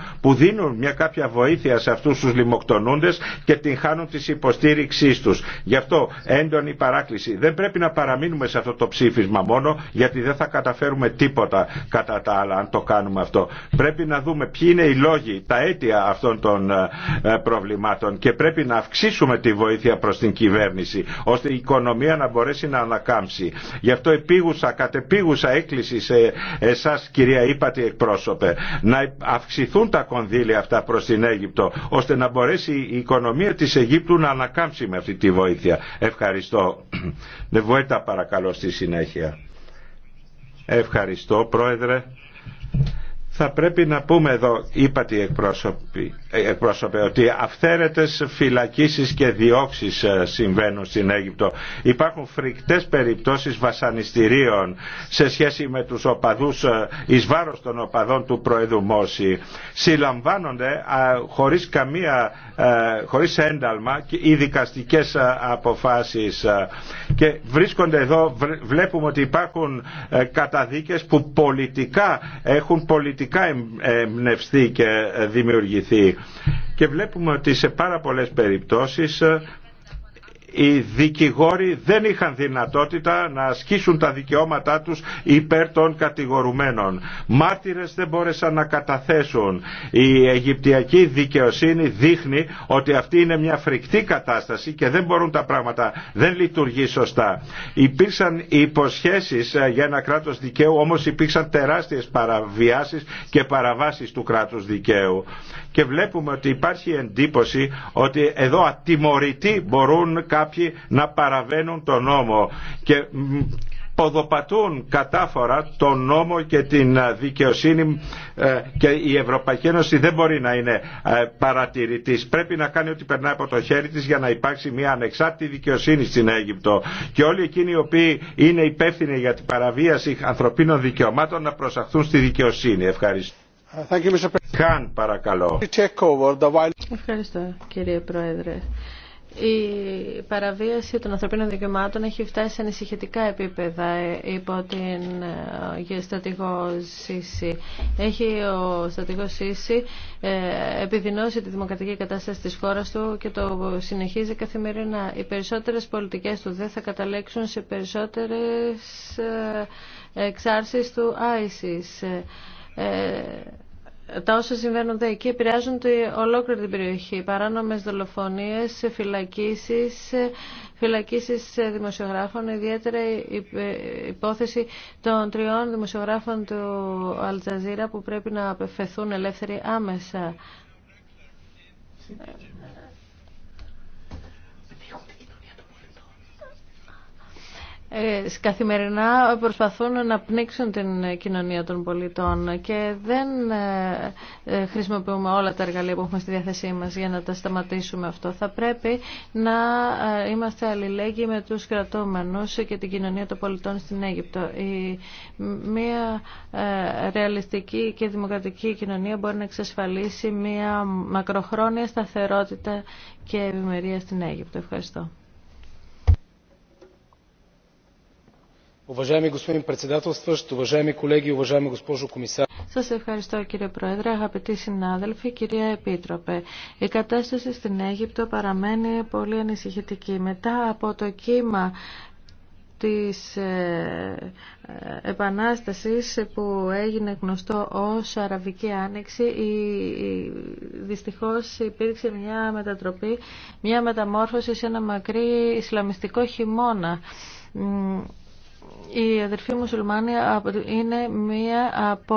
δίνουν μια κάποια βοήθεια σε αυτούς τους λιμοκτονούντες και την χάνουν της υποστήριξής τους. Γι' αυτό έντονη παράκληση. Δεν πρέπει να παραμείνουμε σε αυτό το ψήφισμα μόνο γιατί δεν θα καταφέρουμε τίποτα κατά τα άλλα αν το κάνουμε αυτό. Πρέπει να δούμε ποιοι είναι οι λόγοι, τα αίτια αυτών των ε, ε, προβλημάτων και πρέπει να αυξήσουμε τη βοήθεια προς την κυβέρνηση ώστε η οικονομία να μπορέσει να ανακάμψει. Γι' αυτό επίγουσα, κατεπίγουσα έκκληση σε εσάς κυρία Ήπατη εκπρόσωπε να αυξηθούν τα κονδύλια στείλει αυτά προς την Αίγυπτο ώστε να μπορέσει η οικονομία της Αιγύπτου να ανακάμψει με αυτή τη βοήθεια. Ευχαριστώ. Νεβουέτα παρακαλώ στη συνέχεια. Ευχαριστώ Πρόεδρε. Θα πρέπει να πούμε εδώ, Είπατε οι εκπρόσωποι. Ε, ε, ότι αυθαίρετες φυλακίσεις και διώξεις ε, συμβαίνουν στην Αίγυπτο. Υπάρχουν φρικτές περιπτώσεις βασανιστήριων σε σχέση με τους οπαδούς εις βάρος των οπαδών του Προέδρου Μόση. Συλλαμβάνονται χωρίς, καμία, χωρίς ένταλμα οι δικαστικές αποφάσεις και βρίσκονται εδώ, βλέπουμε ότι υπάρχουν καταδίκες που πολιτικά έχουν πολιτικά εμπνευστεί και δημιουργηθεί και βλέπουμε ότι σε πάρα πολλές περιπτώσεις ε, οι δικηγόροι δεν είχαν δυνατότητα να ασκήσουν τα δικαιώματά τους υπέρ των κατηγορουμένων. Μάρτυρες δεν μπόρεσαν να καταθέσουν. Η Αιγυπτιακή δικαιοσύνη δείχνει ότι αυτή είναι μια φρικτή κατάσταση και δεν μπορούν τα πράγματα, δεν λειτουργεί σωστά. Υπήρξαν υποσχέσεις ε, για ένα κράτος δικαίου, όμως υπήρξαν τεράστιες παραβιάσεις και παραβάσεις του κράτους δικαίου και βλέπουμε ότι υπάρχει εντύπωση ότι εδώ ατιμωρητοί μπορούν κάποιοι να παραβαίνουν τον νόμο και ποδοπατούν κατάφορα τον νόμο και την ε, δικαιοσύνη ε, και η Ευρωπαϊκή Ένωση δεν μπορεί να είναι ε, παρατηρητής. Πρέπει να κάνει ό,τι περνάει από το χέρι της για να υπάρξει μια ανεξάρτητη δικαιοσύνη στην Αίγυπτο. Και όλοι εκείνοι οι οποίοι είναι υπεύθυνοι για την παραβίαση ανθρωπίνων δικαιωμάτων να προσαχθούν στη δικαιοσύνη. Ευχαριστώ. Ευχαριστώ κύριε Πρόεδρε. Η παραβίαση των ανθρωπίνων δικαιωμάτων έχει φτάσει σε ανησυχητικά επίπεδα ε, υπό την ε, στρατηγό Σίση. Έχει ο στρατηγό Σίση ε, επιδεινώσει τη δημοκρατική κατάσταση της χώρας του και το συνεχίζει καθημερινά. Οι περισσότερες πολιτικές του δεν θα καταλέξουν σε περισσότερε εξάρσεις του ISIS τα όσα συμβαίνουν εκεί επηρεάζουν ολόκληρη την περιοχή. παράνομε δολοφονίε, φυλακίσεις, δημοσιογράφων, ιδιαίτερα η υπόθεση των τριών δημοσιογράφων του Αλτζαζίρα που πρέπει να απεφεθούν ελεύθεροι άμεσα. Ε, καθημερινά προσπαθούν να πνίξουν την κοινωνία των πολιτών και δεν ε, ε, χρησιμοποιούμε όλα τα εργαλεία που έχουμε στη διάθεσή μας για να τα σταματήσουμε αυτό. Θα πρέπει να είμαστε αλληλέγγυοι με τους κρατούμενους και την κοινωνία των πολιτών στην Αίγυπτο. μια ρεαλιστική και δημοκρατική κοινωνία μπορεί να εξασφαλίσει μια μακροχρόνια σταθερότητα και ευημερία στην Αίγυπτο. Ευχαριστώ. Уважаеми господин госпожо Σας ευχαριστώ κύριε Πρόεδρε, αγαπητοί συνάδελφοι, κυρία Επίτροπε. Η κατάσταση στην Αίγυπτο παραμένει πολύ ανησυχητική. Μετά από το κύμα της ε, ε, επανάστασης που έγινε γνωστό ως Αραβική Άνοιξη η, δυστυχώς υπήρξε μια μετατροπή, μια μεταμόρφωση σε ένα μακρύ Ισλαμιστικό χειμώνα οι αδερφοί Μουσουλμάνη είναι μία από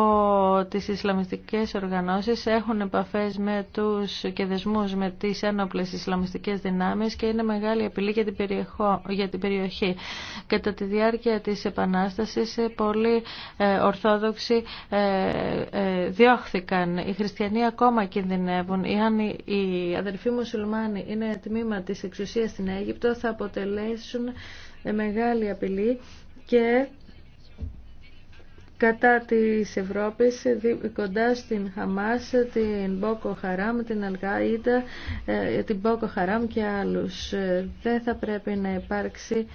τις Ισλαμιστικές οργανώσεις, έχουν επαφές με τους και δεσμούς με τις ένοπλες Ισλαμιστικές δυνάμεις και είναι μεγάλη απειλή για την, περιοχή. για την περιοχή. Κατά τη διάρκεια της Επανάστασης, ε, πολλοί ε, Ορθόδοξοι ε, διώχθηκαν. Οι χριστιανοί ακόμα κινδυνεύουν. Εάν οι αδερφοί μουσουλμάνοι είναι τμήμα της εξουσίας στην Αίγυπτο, θα αποτελέσουν μεγάλη απειλή και κατά της Ευρώπης κοντά στην Χαμάς, την Μπόκο Χαράμ, την Αλγάιντα, ε, την Μπόκο Χαράμ και άλλους. Ε, δεν θα πρέπει να υπάρξει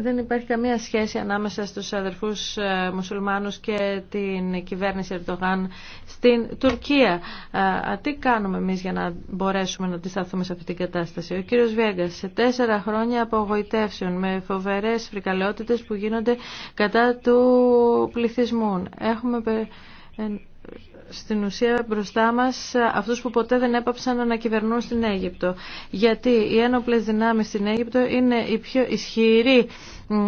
δεν υπάρχει καμία σχέση ανάμεσα στους αδερφούς ε, μουσουλμάνους και την κυβέρνηση Ερντογάν στην Τουρκία. Ε, α, τι κάνουμε εμείς για να μπορέσουμε να αντισταθούμε σε αυτή την κατάσταση. Ο κύριος Βέγκας, σε τέσσερα χρόνια απογοητεύσεων με φοβερές φρικαλαιότητες που γίνονται κατά του πληθυσμού. Έχουμε στην ουσία μπροστά μας αυτούς που ποτέ δεν έπαψαν να κυβερνούν στην Αίγυπτο. Γιατί οι ένοπλες δυνάμεις στην Αίγυπτο είναι η πιο ισχυρή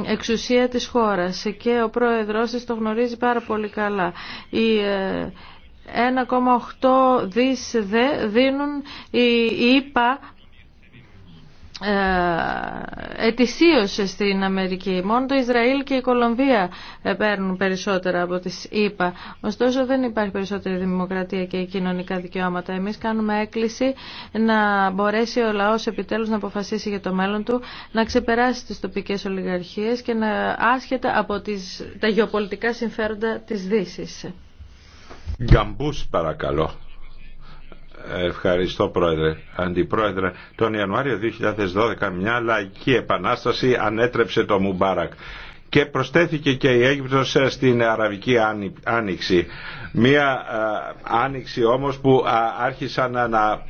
εξουσία της χώρας και ο πρόεδρος της το γνωρίζει πάρα πολύ καλά. Η, 1,8 ε, δις δε δίνουν οι ΙΠΑ ε, ετησίως στην Αμερική. Μόνο το Ισραήλ και η Κολομβία ε, παίρνουν περισσότερα από τις ΗΠΑ. Ωστόσο δεν υπάρχει περισσότερη δημοκρατία και κοινωνικά δικαιώματα. Εμείς κάνουμε έκκληση να μπορέσει ο λαός επιτέλους να αποφασίσει για το μέλλον του, να ξεπεράσει τις τοπικές ολιγαρχίες και να άσχετα από τις, τα γεωπολιτικά συμφέροντα της Δύσης. Γκαμπούς παρακαλώ. Ευχαριστώ Πρόεδρε. Αντιπρόεδρε, τον Ιανουάριο 2012 μια λαϊκή επανάσταση ανέτρεψε το Μουμπάρακ και προσθέθηκε και η Αίγυπτος στην Αραβική Άνοιξη. Μία ε, άνοιξη όμως που άρχισαν να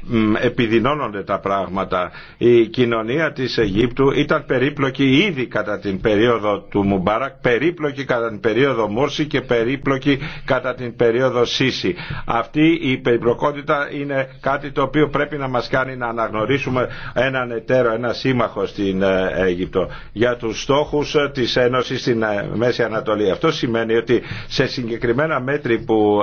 επιδεινώνονται τα πράγματα. Η κοινωνία της Αιγύπτου ήταν περίπλοκη ήδη κατά την περίοδο του Μουμπάρακ, περίπλοκη κατά την περίοδο Μούρση και περίπλοκη κατά την περίοδο Σίση. Αυτή η περιπλοκότητα είναι κάτι το οποίο πρέπει να μας κάνει να αναγνωρίσουμε έναν εταίρο, ένα σύμμαχο στην ε, Αίγυπτο. Για τους στόχους ε, της στην ε, Μέση Ανατολή. Αυτό σημαίνει ότι σε συγκεκριμένα μέτρη που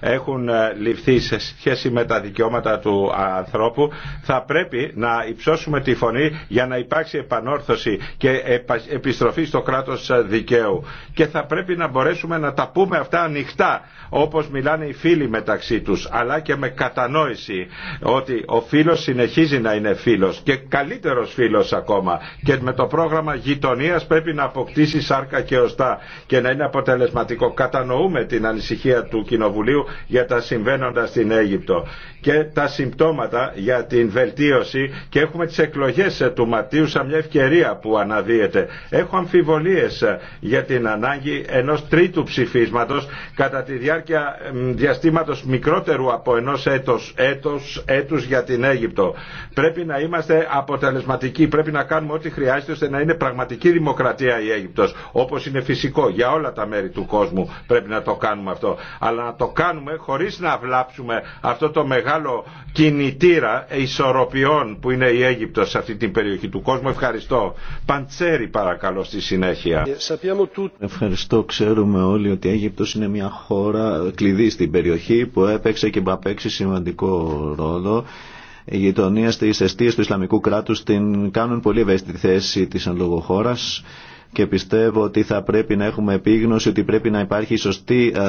ε, έχουν ε, ληφθεί σε σχέση με τα δικαιώματα του ανθρώπου θα πρέπει να υψώσουμε τη φωνή για να υπάρξει επανόρθωση και επιστροφή στο κράτος δικαίου. Και θα πρέπει να μπορέσουμε να τα πούμε αυτά ανοιχτά όπως μιλάνε οι φίλοι μεταξύ τους αλλά και με κατανόηση ότι ο φίλος συνεχίζει να είναι φίλος και καλύτερος φίλος ακόμα και με το πρόγραμμα γειτονίας πρέπει να αποκτήσει σάρκα και οστά και να είναι αποτελεσματικό. Κατανοούμε την ανησυχία του Κοινοβουλίου για τα συμβαίνοντα στην Αίγυπτο και τα συμπτώματα για την βελτίωση και έχουμε τι εκλογέ του Ματίου σαν μια ευκαιρία που αναδύεται. Έχω αμφιβολίες για την ανάγκη ενό τρίτου ψηφίσματο κατά τη διάρκεια διαστήματο μικρότερου από ενό έτος, για την Αίγυπτο. Πρέπει να είμαστε αποτελεσματικοί, πρέπει να κάνουμε ό,τι χρειάζεται ώστε να είναι πραγματική δημοκρατία η Αίγυπτο. Όπω όπως είναι φυσικό για όλα τα μέρη του κόσμου πρέπει να το κάνουμε αυτό. Αλλά να το κάνουμε χωρίς να βλάψουμε αυτό το μεγάλο κινητήρα ισορροπιών που είναι η Αίγυπτο σε αυτή την περιοχή του κόσμου. Ευχαριστώ. Παντσέρι παρακαλώ στη συνέχεια. Ευχαριστώ. Ξέρουμε όλοι ότι η Αίγυπτος είναι μια χώρα κλειδί στην περιοχή που έπαιξε και που απέξει σημαντικό ρόλο οι γειτονία τη αιστεία του Ισλαμικού κράτου την κάνουν πολύ ευαίσθητη θέση τη εν λόγω χώρας και πιστεύω ότι θα πρέπει να έχουμε επίγνωση ότι πρέπει να υπάρχει σωστή ε,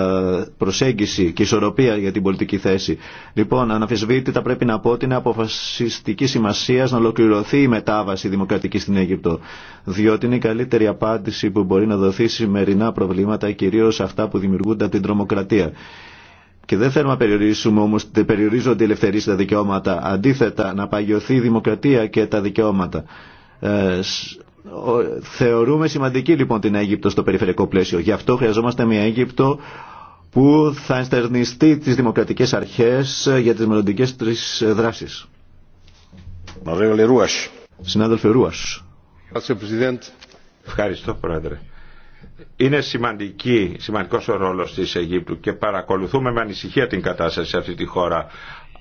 προσέγγιση και ισορροπία για την πολιτική θέση. Λοιπόν, αναφεσβήτητα πρέπει να πω ότι είναι αποφασιστική σημασία να ολοκληρωθεί η μετάβαση δημοκρατική στην Αίγυπτο. Διότι είναι η καλύτερη απάντηση που μπορεί να δοθεί σημερινά προβλήματα, κυρίω αυτά που δημιουργούνται από την τρομοκρατία. Και δεν θέλουμε να περιορίσουμε όμω, περιορίζονται οι ελευθερίε στα δικαιώματα. Αντίθετα, να παγιωθεί η δημοκρατία και τα δικαιώματα. Ε, Θεωρούμε σημαντική λοιπόν την Αίγυπτο στο περιφερειακό πλαίσιο. Γι' αυτό χρειαζόμαστε μια Αίγυπτο που θα ενστερνιστεί τις δημοκρατικές αρχές για τις μελλοντικές τρεις δράσεις. Συνάδελφε Ρούας. Ευχαριστώ Πρόεδρε. Είναι σημαντική, σημαντικός ο ρόλος της Αιγύπτου και παρακολουθούμε με ανησυχία την κατάσταση σε αυτή τη χώρα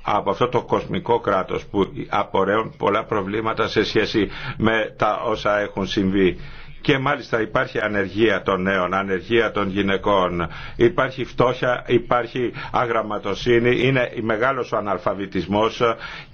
από αυτό το κοσμικό κράτος που απορρέουν πολλά προβλήματα σε σχέση με τα όσα έχουν συμβεί. Και μάλιστα υπάρχει ανεργία των νέων, ανεργία των γυναικών, υπάρχει φτώχεια, υπάρχει αγραμματοσύνη, είναι μεγάλος ο αναλφαβητισμός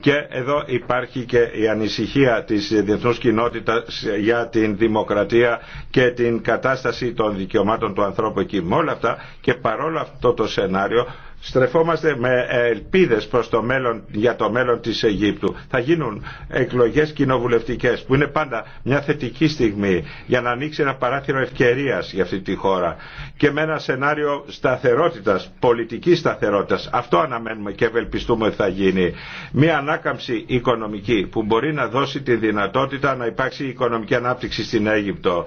και εδώ υπάρχει και η ανησυχία της διεθνούς κοινότητας για την δημοκρατία και την κατάσταση των δικαιωμάτων του ανθρώπου εκεί. Με όλα αυτά και παρόλο αυτό το σενάριο στρεφόμαστε με ελπίδες προς το μέλλον, για το μέλλον της Αιγύπτου. Θα γίνουν εκλογές κοινοβουλευτικές που είναι πάντα μια θετική στιγμή για να ανοίξει ένα παράθυρο ευκαιρίας για αυτή τη χώρα και με ένα σενάριο σταθερότητας, πολιτικής σταθερότητας. Αυτό αναμένουμε και ευελπιστούμε ότι θα γίνει. Μια ανάκαμψη οικονομική που μπορεί να δώσει τη δυνατότητα να υπάρξει οικονομική ανάπτυξη στην Αίγυπτο.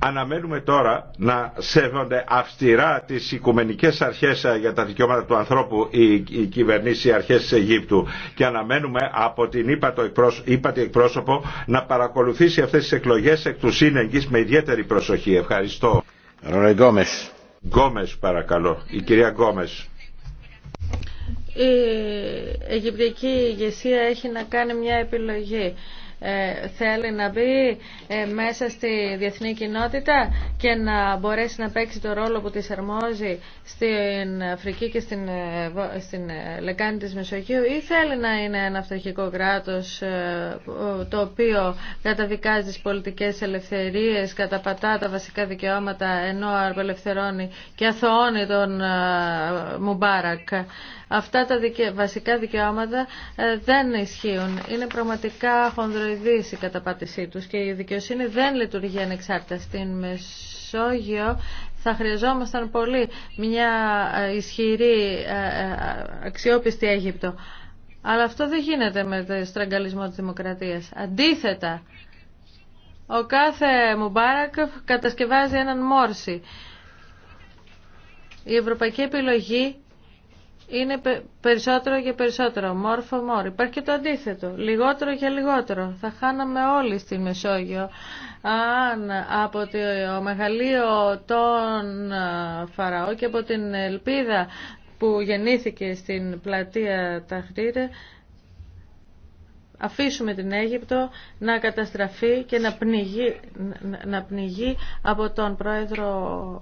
Αναμένουμε τώρα να σέβονται αυστηρά τις οικουμενικές αρχές ε, για τα δικαιώματα του ανθρώπου οι, οι κυβερνήσεις, οι αρχές της Αιγύπτου και αναμένουμε από την ύπατη εκπρόσωπο να παρακολουθήσει αυτές τις εκλογές εκ του σύνεγγης με ιδιαίτερη προσοχή. Ευχαριστώ. Ρορε Γκόμες. Γκόμες παρακαλώ. Η κυρία Γκόμες. Η Αιγυπτιακή ηγεσία έχει να κάνει μια επιλογή ε, θέλει να μπει ε, μέσα στη διεθνή κοινότητα και να μπορέσει να παίξει το ρόλο που της αρμόζει στην Αφρική και στην, ε, στην λεκάνη της Μεσογείου ή θέλει να είναι ένα αυταρχικό κράτος το οποίο καταδικάζει τις πολιτικές ελευθερίες, καταπατά τα βασικά δικαιώματα ενώ απελευθερώνει και αθωώνει τον Μουμπάρακ. Αυτά τα βασικά δικαιώματα ε, δεν ισχύουν. Είναι πραγματικά χονδροειδής η καταπάτησή τους και η δικαιοσύνη δεν λειτουργεί ανεξάρτητα στην Μεσόγειο. Θα χρειαζόμασταν πολύ μια ε, ισχυρή, ε, αξιόπιστη Αίγυπτο. Αλλά αυτό δεν γίνεται με το στραγγαλισμό της δημοκρατίας. Αντίθετα, ο κάθε Μουμπάρακ κατασκευάζει έναν Μόρση. Η ευρωπαϊκή επιλογή είναι περισσότερο και περισσότερο, μόρφο for Υπάρχει και το αντίθετο, λιγότερο και λιγότερο. Θα χάναμε όλοι στη Μεσόγειο αν από το μεγαλείο των Φαραώ και από την ελπίδα που γεννήθηκε στην πλατεία Ταχρήρε αφήσουμε την Αίγυπτο να καταστραφεί και να πνιγεί, να πνιγεί από τον πρόεδρο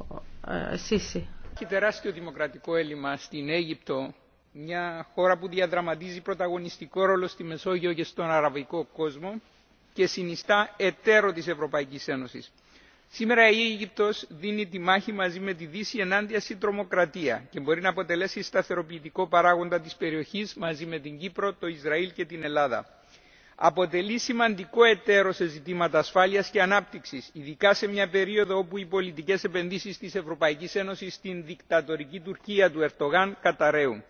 ε, Σίση. Έχει τεράστιο δημοκρατικό έλλειμμα στην Αίγυπτο, μια χώρα που διαδραματίζει πρωταγωνιστικό ρόλο στη Μεσόγειο και στον αραβικό κόσμο και συνιστά εταίρο της Ευρωπαϊκής Ένωσης. Σήμερα η Αίγυπτος δίνει τη μάχη μαζί με τη Δύση ενάντια στην τρομοκρατία και μπορεί να αποτελέσει σταθεροποιητικό παράγοντα της περιοχής μαζί με την Κύπρο, το Ισραήλ και την Ελλάδα αποτελεί σημαντικό εταίρο σε ζητήματα ασφάλεια και ανάπτυξη, ειδικά σε μια περίοδο όπου οι πολιτικέ επενδύσει τη Ευρωπαϊκή Ένωση στην δικτατορική τουρκία του Ερτογάν καταραίουν.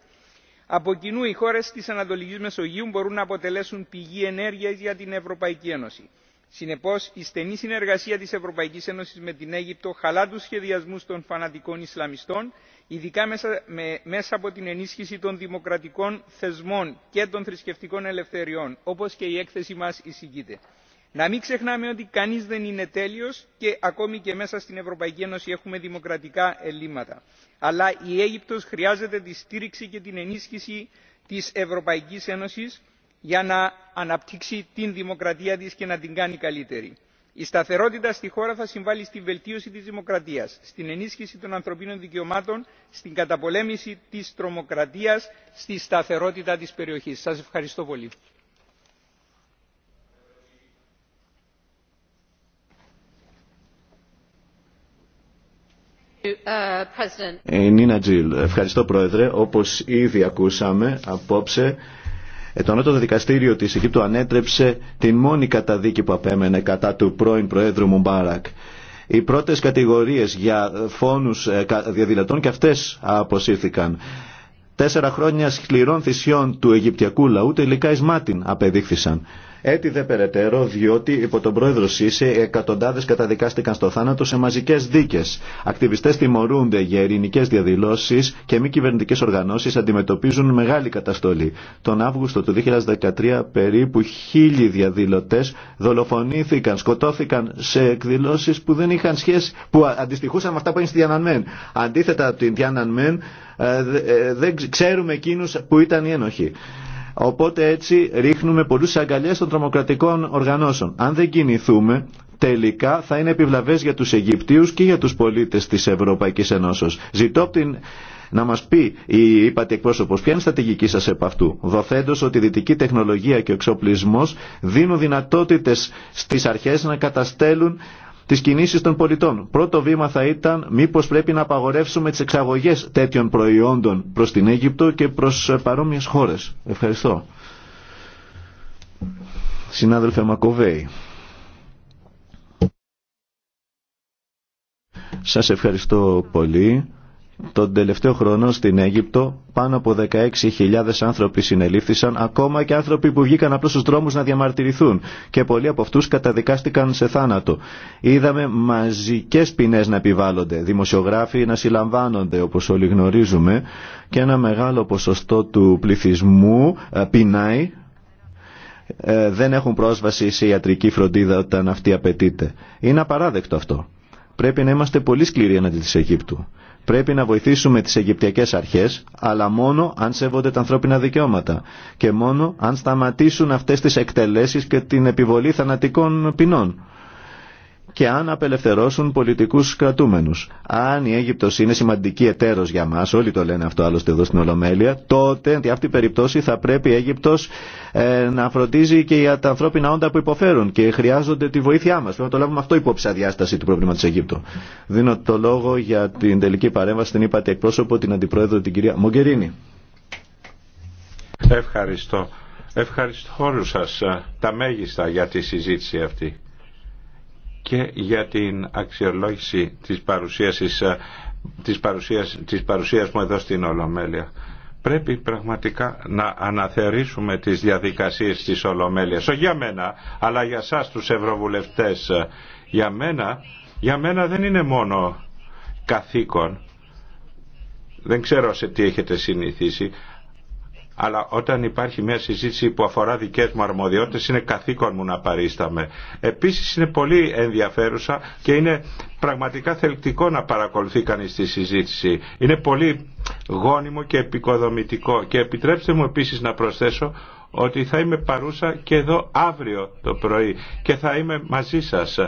από κοινού οι χώρε τη ανατολική μεσογείου μπορούν να αποτελέσουν πηγή ενέργεια για την ευρωπαϊκή ένωση συνεπώς η στενή συνεργασία της ευρωπαϊκής ένωσης με την αίγυπτο χαλά τους σχεδιασμούς των φανατικών ισλαμιστών ειδικά μέσα από την ενίσχυση των δημοκρατικών θεσμών και των θρησκευτικών ελευθεριών όπως και η έκθεση μας εισηγείται. να μην ξεχνάμε ότι κανείς δεν είναι τέλειος και ακόμη και μέσα στην ευρωπαϊκή ένωση έχουμε δημοκρατικά ελλείμματα αλλά η αίγυπτος χρειάζεται τη στήριξη και την ενίσχυση τη Ευρωπαϊκή ένωσης για να αναπτύξει την δημοκρατία της και να την κάνει καλύτερη. Η σταθερότητα στη χώρα θα συμβάλλει στη βελτίωση της δημοκρατίας, στην ενίσχυση των ανθρωπίνων δικαιωμάτων, στην καταπολέμηση της τρομοκρατίας, στη σταθερότητα της περιοχής. Σας ευχαριστώ πολύ. Ε, ευχαριστώ Πρόεδρε. Όπως ήδη ακούσαμε απόψε, ε, το δικαστήριο της Αιγύπτου ανέτρεψε την μόνη καταδίκη που απέμενε κατά του πρώην Προέδρου Μουμπάρακ. Οι πρώτες κατηγορίες για φόνους ε, διαδηλατών και αυτές αποσύρθηκαν. Τέσσερα χρόνια σκληρών θυσιών του Αιγυπτιακού λαού τελικά εις απεδείχθησαν. Έτσι δε περαιτέρω, διότι υπό τον πρόεδρο Σίση εκατοντάδε καταδικάστηκαν στο θάνατο σε μαζικέ δίκε. Ακτιβιστέ τιμωρούνται για ειρηνικέ διαδηλώσει και μη κυβερνητικέ οργανώσει αντιμετωπίζουν μεγάλη καταστολή. Τον Αύγουστο του 2013 περίπου χίλιοι διαδηλωτέ δολοφονήθηκαν, σκοτώθηκαν σε εκδηλώσει που δεν είχαν σχέση, που αντιστοιχούσαν με αυτά που είναι στη Διανανμέν. Αντίθετα από την Διανανμέν, ε, ε, δεν ξέρουμε εκείνου που ήταν οι ένοχοι. Οπότε έτσι ρίχνουμε πολλούς αγκαλιές των τρομοκρατικών οργανώσεων. Αν δεν κινηθούμε, τελικά θα είναι επιβλαβές για τους Αιγυπτίους και για τους πολίτες της Ευρωπαϊκής Ενώσεως. Ζητώ την να μας πει η είπατε εκπρόσωπος ποια είναι η στρατηγική σας επ' αυτού δοθέντως ότι η δυτική τεχνολογία και ο εξοπλισμός δίνουν δυνατότητες στις αρχές να καταστέλουν τις κινήσεις των πολιτών. Πρώτο βήμα θα ήταν μήπως πρέπει να απαγορεύσουμε τις εξαγωγές τέτοιων προϊόντων προς την Αίγυπτο και προς ε, παρόμοιες χώρες. Ευχαριστώ. Συνάδελφε Μακοβέη. Σας ευχαριστώ πολύ. Τον τελευταίο χρόνο στην Αίγυπτο πάνω από 16.000 άνθρωποι συνελήφθησαν, ακόμα και άνθρωποι που βγήκαν απλώς στους δρόμους να διαμαρτυρηθούν και πολλοί από αυτούς καταδικάστηκαν σε θάνατο. Είδαμε μαζικές ποινές να επιβάλλονται, δημοσιογράφοι να συλλαμβάνονται όπως όλοι γνωρίζουμε και ένα μεγάλο ποσοστό του πληθυσμού ε, πεινάει, ε, δεν έχουν πρόσβαση σε ιατρική φροντίδα όταν αυτή απαιτείται. Είναι απαράδεκτο αυτό. Πρέπει να είμαστε πολύ σκληροί εναντί της Αιγύπτου Πρέπει να βοηθήσουμε τις Αιγυπτιακές αρχές, αλλά μόνο αν σέβονται τα ανθρώπινα δικαιώματα και μόνο αν σταματήσουν αυτές τις εκτελέσεις και την επιβολή θανατικών ποινών και αν απελευθερώσουν πολιτικού κρατούμενους. Αν η Αίγυπτος είναι σημαντική εταίρο για μα, όλοι το λένε αυτό άλλωστε εδώ στην Ολομέλεια, τότε για αυτή την περιπτώση θα πρέπει η Αίγυπτος ε, να φροντίζει και για τα ανθρώπινα όντα που υποφέρουν και χρειάζονται τη βοήθειά μα. Πρέπει να το λάβουμε αυτό υπόψη αδιάσταση του του προβλήματος Αιγύπτου. Δίνω το λόγο για την τελική παρέμβαση, την είπατε εκπρόσωπο, την Αντιπρόεδρο, την κυρία Μογκερίνη. Ευχαριστώ. Ευχαριστώ όλους σας ε, τα μέγιστα για τη συζήτηση αυτή και για την αξιολόγηση της παρουσίασης, ε, της παρουσίας, της παρουσίας μου εδώ στην Ολομέλεια. Πρέπει πραγματικά να αναθερήσουμε τις διαδικασίες της Ολομέλειας. Όχι για μένα, αλλά για σας τους Ευρωβουλευτές. Για μένα, για μένα δεν είναι μόνο καθήκον. Δεν ξέρω σε τι έχετε συνηθίσει, αλλά όταν υπάρχει μια συζήτηση που αφορά δικές μου αρμοδιότητες είναι καθήκον μου να παρίσταμαι. Επίσης είναι πολύ ενδιαφέρουσα και είναι πραγματικά θελκτικό να παρακολουθεί κανείς τη συζήτηση. Είναι πολύ γόνιμο και επικοδομητικό και επιτρέψτε μου επίσης να προσθέσω ότι θα είμαι παρούσα και εδώ αύριο το πρωί και θα είμαι μαζί σας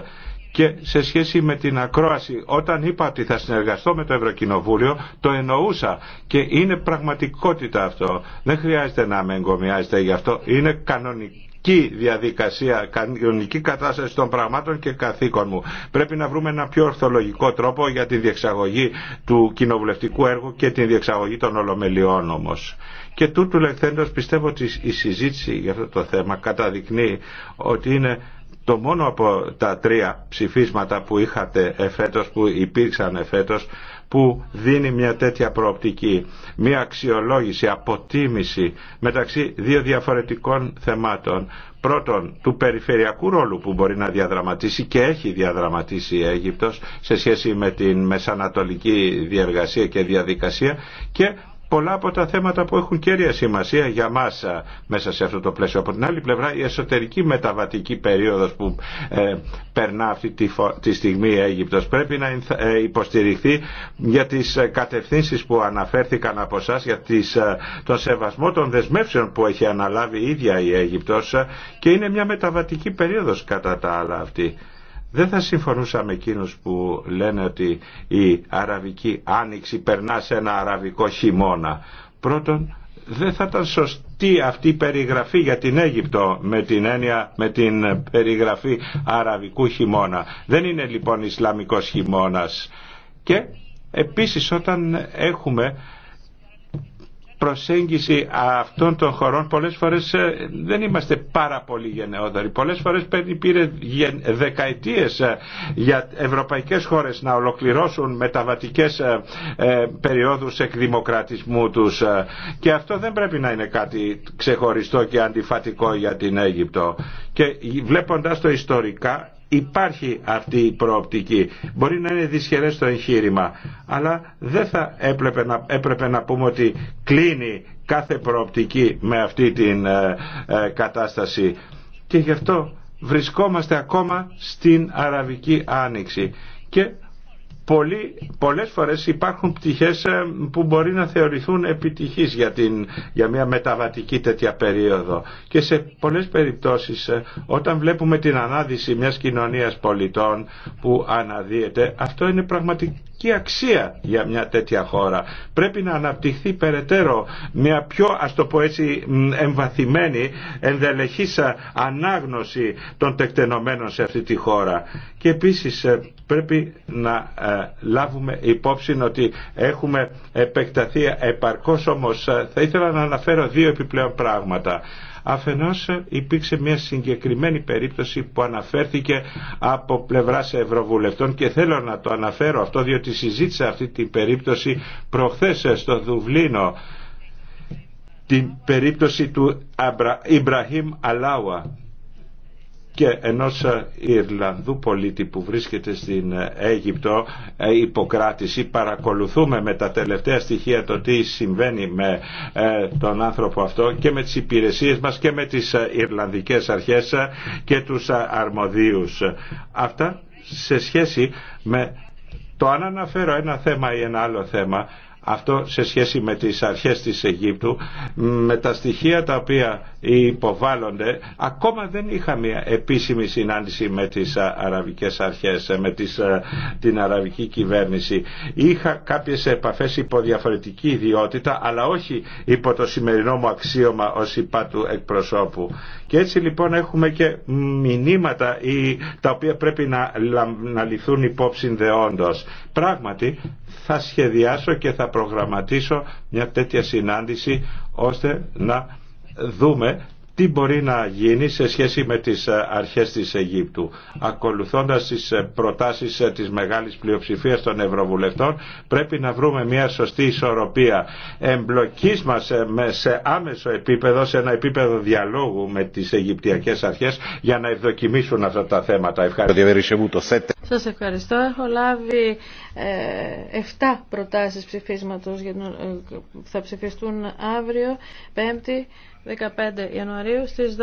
και σε σχέση με την ακρόαση, όταν είπα ότι θα συνεργαστώ με το Ευρωκοινοβούλιο, το εννοούσα και είναι πραγματικότητα αυτό. Δεν χρειάζεται να με εγκομιάζετε γι' αυτό. Είναι κανονική διαδικασία, κανονική κατάσταση των πραγμάτων και καθήκων μου. Πρέπει να βρούμε ένα πιο ορθολογικό τρόπο για τη διεξαγωγή του κοινοβουλευτικού έργου και τη διεξαγωγή των ολομελιών όμω. Και τούτου λεχθέντος πιστεύω ότι η συζήτηση για αυτό το θέμα καταδεικνύει ότι είναι το μόνο από τα τρία ψηφίσματα που είχατε εφέτος, που υπήρξαν εφέτος, που δίνει μια τέτοια προοπτική, μια αξιολόγηση, αποτίμηση μεταξύ δύο διαφορετικών θεμάτων. Πρώτον, του περιφερειακού ρόλου που μπορεί να διαδραματίσει και έχει διαδραματίσει η Αίγυπτος σε σχέση με την μεσανατολική διεργασία και διαδικασία και πολλά από τα θέματα που έχουν κέρια σημασία για μας μέσα σε αυτό το πλαίσιο. Από την άλλη πλευρά η εσωτερική μεταβατική περίοδος που ε, περνά αυτή τη, στιγμή η Αίγυπτος πρέπει να ε, υποστηριχθεί για τις ε, κατευθύνσεις που αναφέρθηκαν από εσά για τις, τον σεβασμό των δεσμεύσεων που έχει αναλάβει η ίδια η Αίγυπτος και είναι μια μεταβατική περίοδος κατά τα άλλα αυτή. Δεν θα συμφωνούσα με εκείνους που λένε ότι η αραβική άνοιξη περνά σε ένα αραβικό χειμώνα. Πρώτον, δεν θα ήταν σωστή αυτή η περιγραφή για την Αίγυπτο με την έννοια, με την περιγραφή αραβικού χειμώνα. Δεν είναι λοιπόν Ισλαμικός χειμώνας. Και επίσης όταν έχουμε προσέγγιση αυτών των χωρών πολλές φορές ε, δεν είμαστε πάρα πολύ γενναιόδοροι. Πολλές φορές πήρε δεκαετίες ε, για ευρωπαϊκές χώρες να ολοκληρώσουν μεταβατικές ε, περιόδους εκδημοκρατισμού τους και αυτό δεν πρέπει να είναι κάτι ξεχωριστό και αντιφατικό για την Αίγυπτο. Και βλέποντας το ιστορικά Υπάρχει αυτή η προοπτική. Μπορεί να είναι δυσχερές το εγχείρημα, αλλά δεν θα έπρεπε να, έπρεπε να πούμε ότι κλείνει κάθε προοπτική με αυτή την ε, ε, κατάσταση. Και γι' αυτό βρισκόμαστε ακόμα στην Αραβική Άνοιξη. Και πολλές φορές υπάρχουν πτυχές ε, που μπορεί να θεωρηθούν επιτυχής για, την, για μια μεταβατική τέτοια περίοδο. Και σε πολλές περιπτώσεις ε, όταν βλέπουμε την ανάδυση μιας κοινωνίας πολιτών που αναδύεται αυτό είναι πραγματικό και αξία για μια τέτοια χώρα. Πρέπει να αναπτυχθεί περαιτέρω μια πιο ας το πω έτσι εμβαθυμένη ενδελεχής ανάγνωση των τεκτενομένων σε αυτή τη χώρα. Και επίσης ε, πρέπει να ε, λάβουμε υπόψη ότι έχουμε επεκταθεί επαρκώς όμως ε, θα ήθελα να αναφέρω δύο επιπλέον πράγματα. Αφενός υπήρξε μια συγκεκριμένη περίπτωση που αναφέρθηκε από πλευράς Ευρωβουλευτών και θέλω να το αναφέρω αυτό διότι συζήτησα αυτή την περίπτωση προχθές στο Δουβλίνο την περίπτωση του Ιμπραχήμ Αλάουα και ενός ε, Ιρλανδού πολίτη που βρίσκεται στην ε, Αίγυπτο ε, υποκράτηση παρακολουθούμε με τα τελευταία στοιχεία το τι συμβαίνει με τον άνθρωπο αυτό και με τις υπηρεσίες μας και με τις Ιρλανδικές αρχές και τους αρμοδίους. Αυτά σε σχέση με το αν αναφέρω ένα θέμα ή ένα άλλο θέμα αυτό σε σχέση με τις αρχές της Αιγύπτου, με τα στοιχεία τα οποία υποβάλλονται, ακόμα δεν είχα μια επίσημη συνάντηση με τις αραβικές αρχές, με ε, την αραβική κυβέρνηση. Είχα κάποιες επαφές υπό διαφορετική ιδιότητα, αλλά όχι υπό το σημερινό μου αξίωμα ως υπά του εκπροσώπου. Και έτσι λοιπόν έχουμε και μηνύματα τα οποία πρέπει να, να ληφθούν υπόψη δεόντως. Πράγματι θα σχεδιάσω και θα προγραμματίσω μια τέτοια συνάντηση ώστε να δούμε τι μπορεί να γίνει σε σχέση με τις ε, αρχές της Αιγύπτου. Ακολουθώντας τις ε, προτάσεις ε, της μεγάλης πλειοψηφίας των Ευρωβουλευτών πρέπει να βρούμε μια σωστή ισορροπία εμπλοκής μας σε άμεσο επίπεδο, σε ένα επίπεδο διαλόγου με τις Αιγυπτιακές αρχές για να ευδοκιμήσουν αυτά τα θέματα. Ευχαριστώ. Σας ευχαριστώ. Έχω λάβει 7 προτάσεις ψηφίσματος που θα ψηφιστούν αύριο, 5η. 15 Ιανουαρίου στις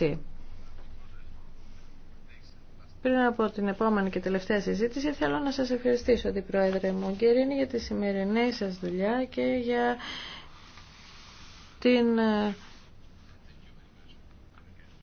12.30. Πριν από την επόμενη και τελευταία συζήτηση θέλω να σας ευχαριστήσω την Πρόεδρε μου για τη σημερινή σας δουλειά και για την ε,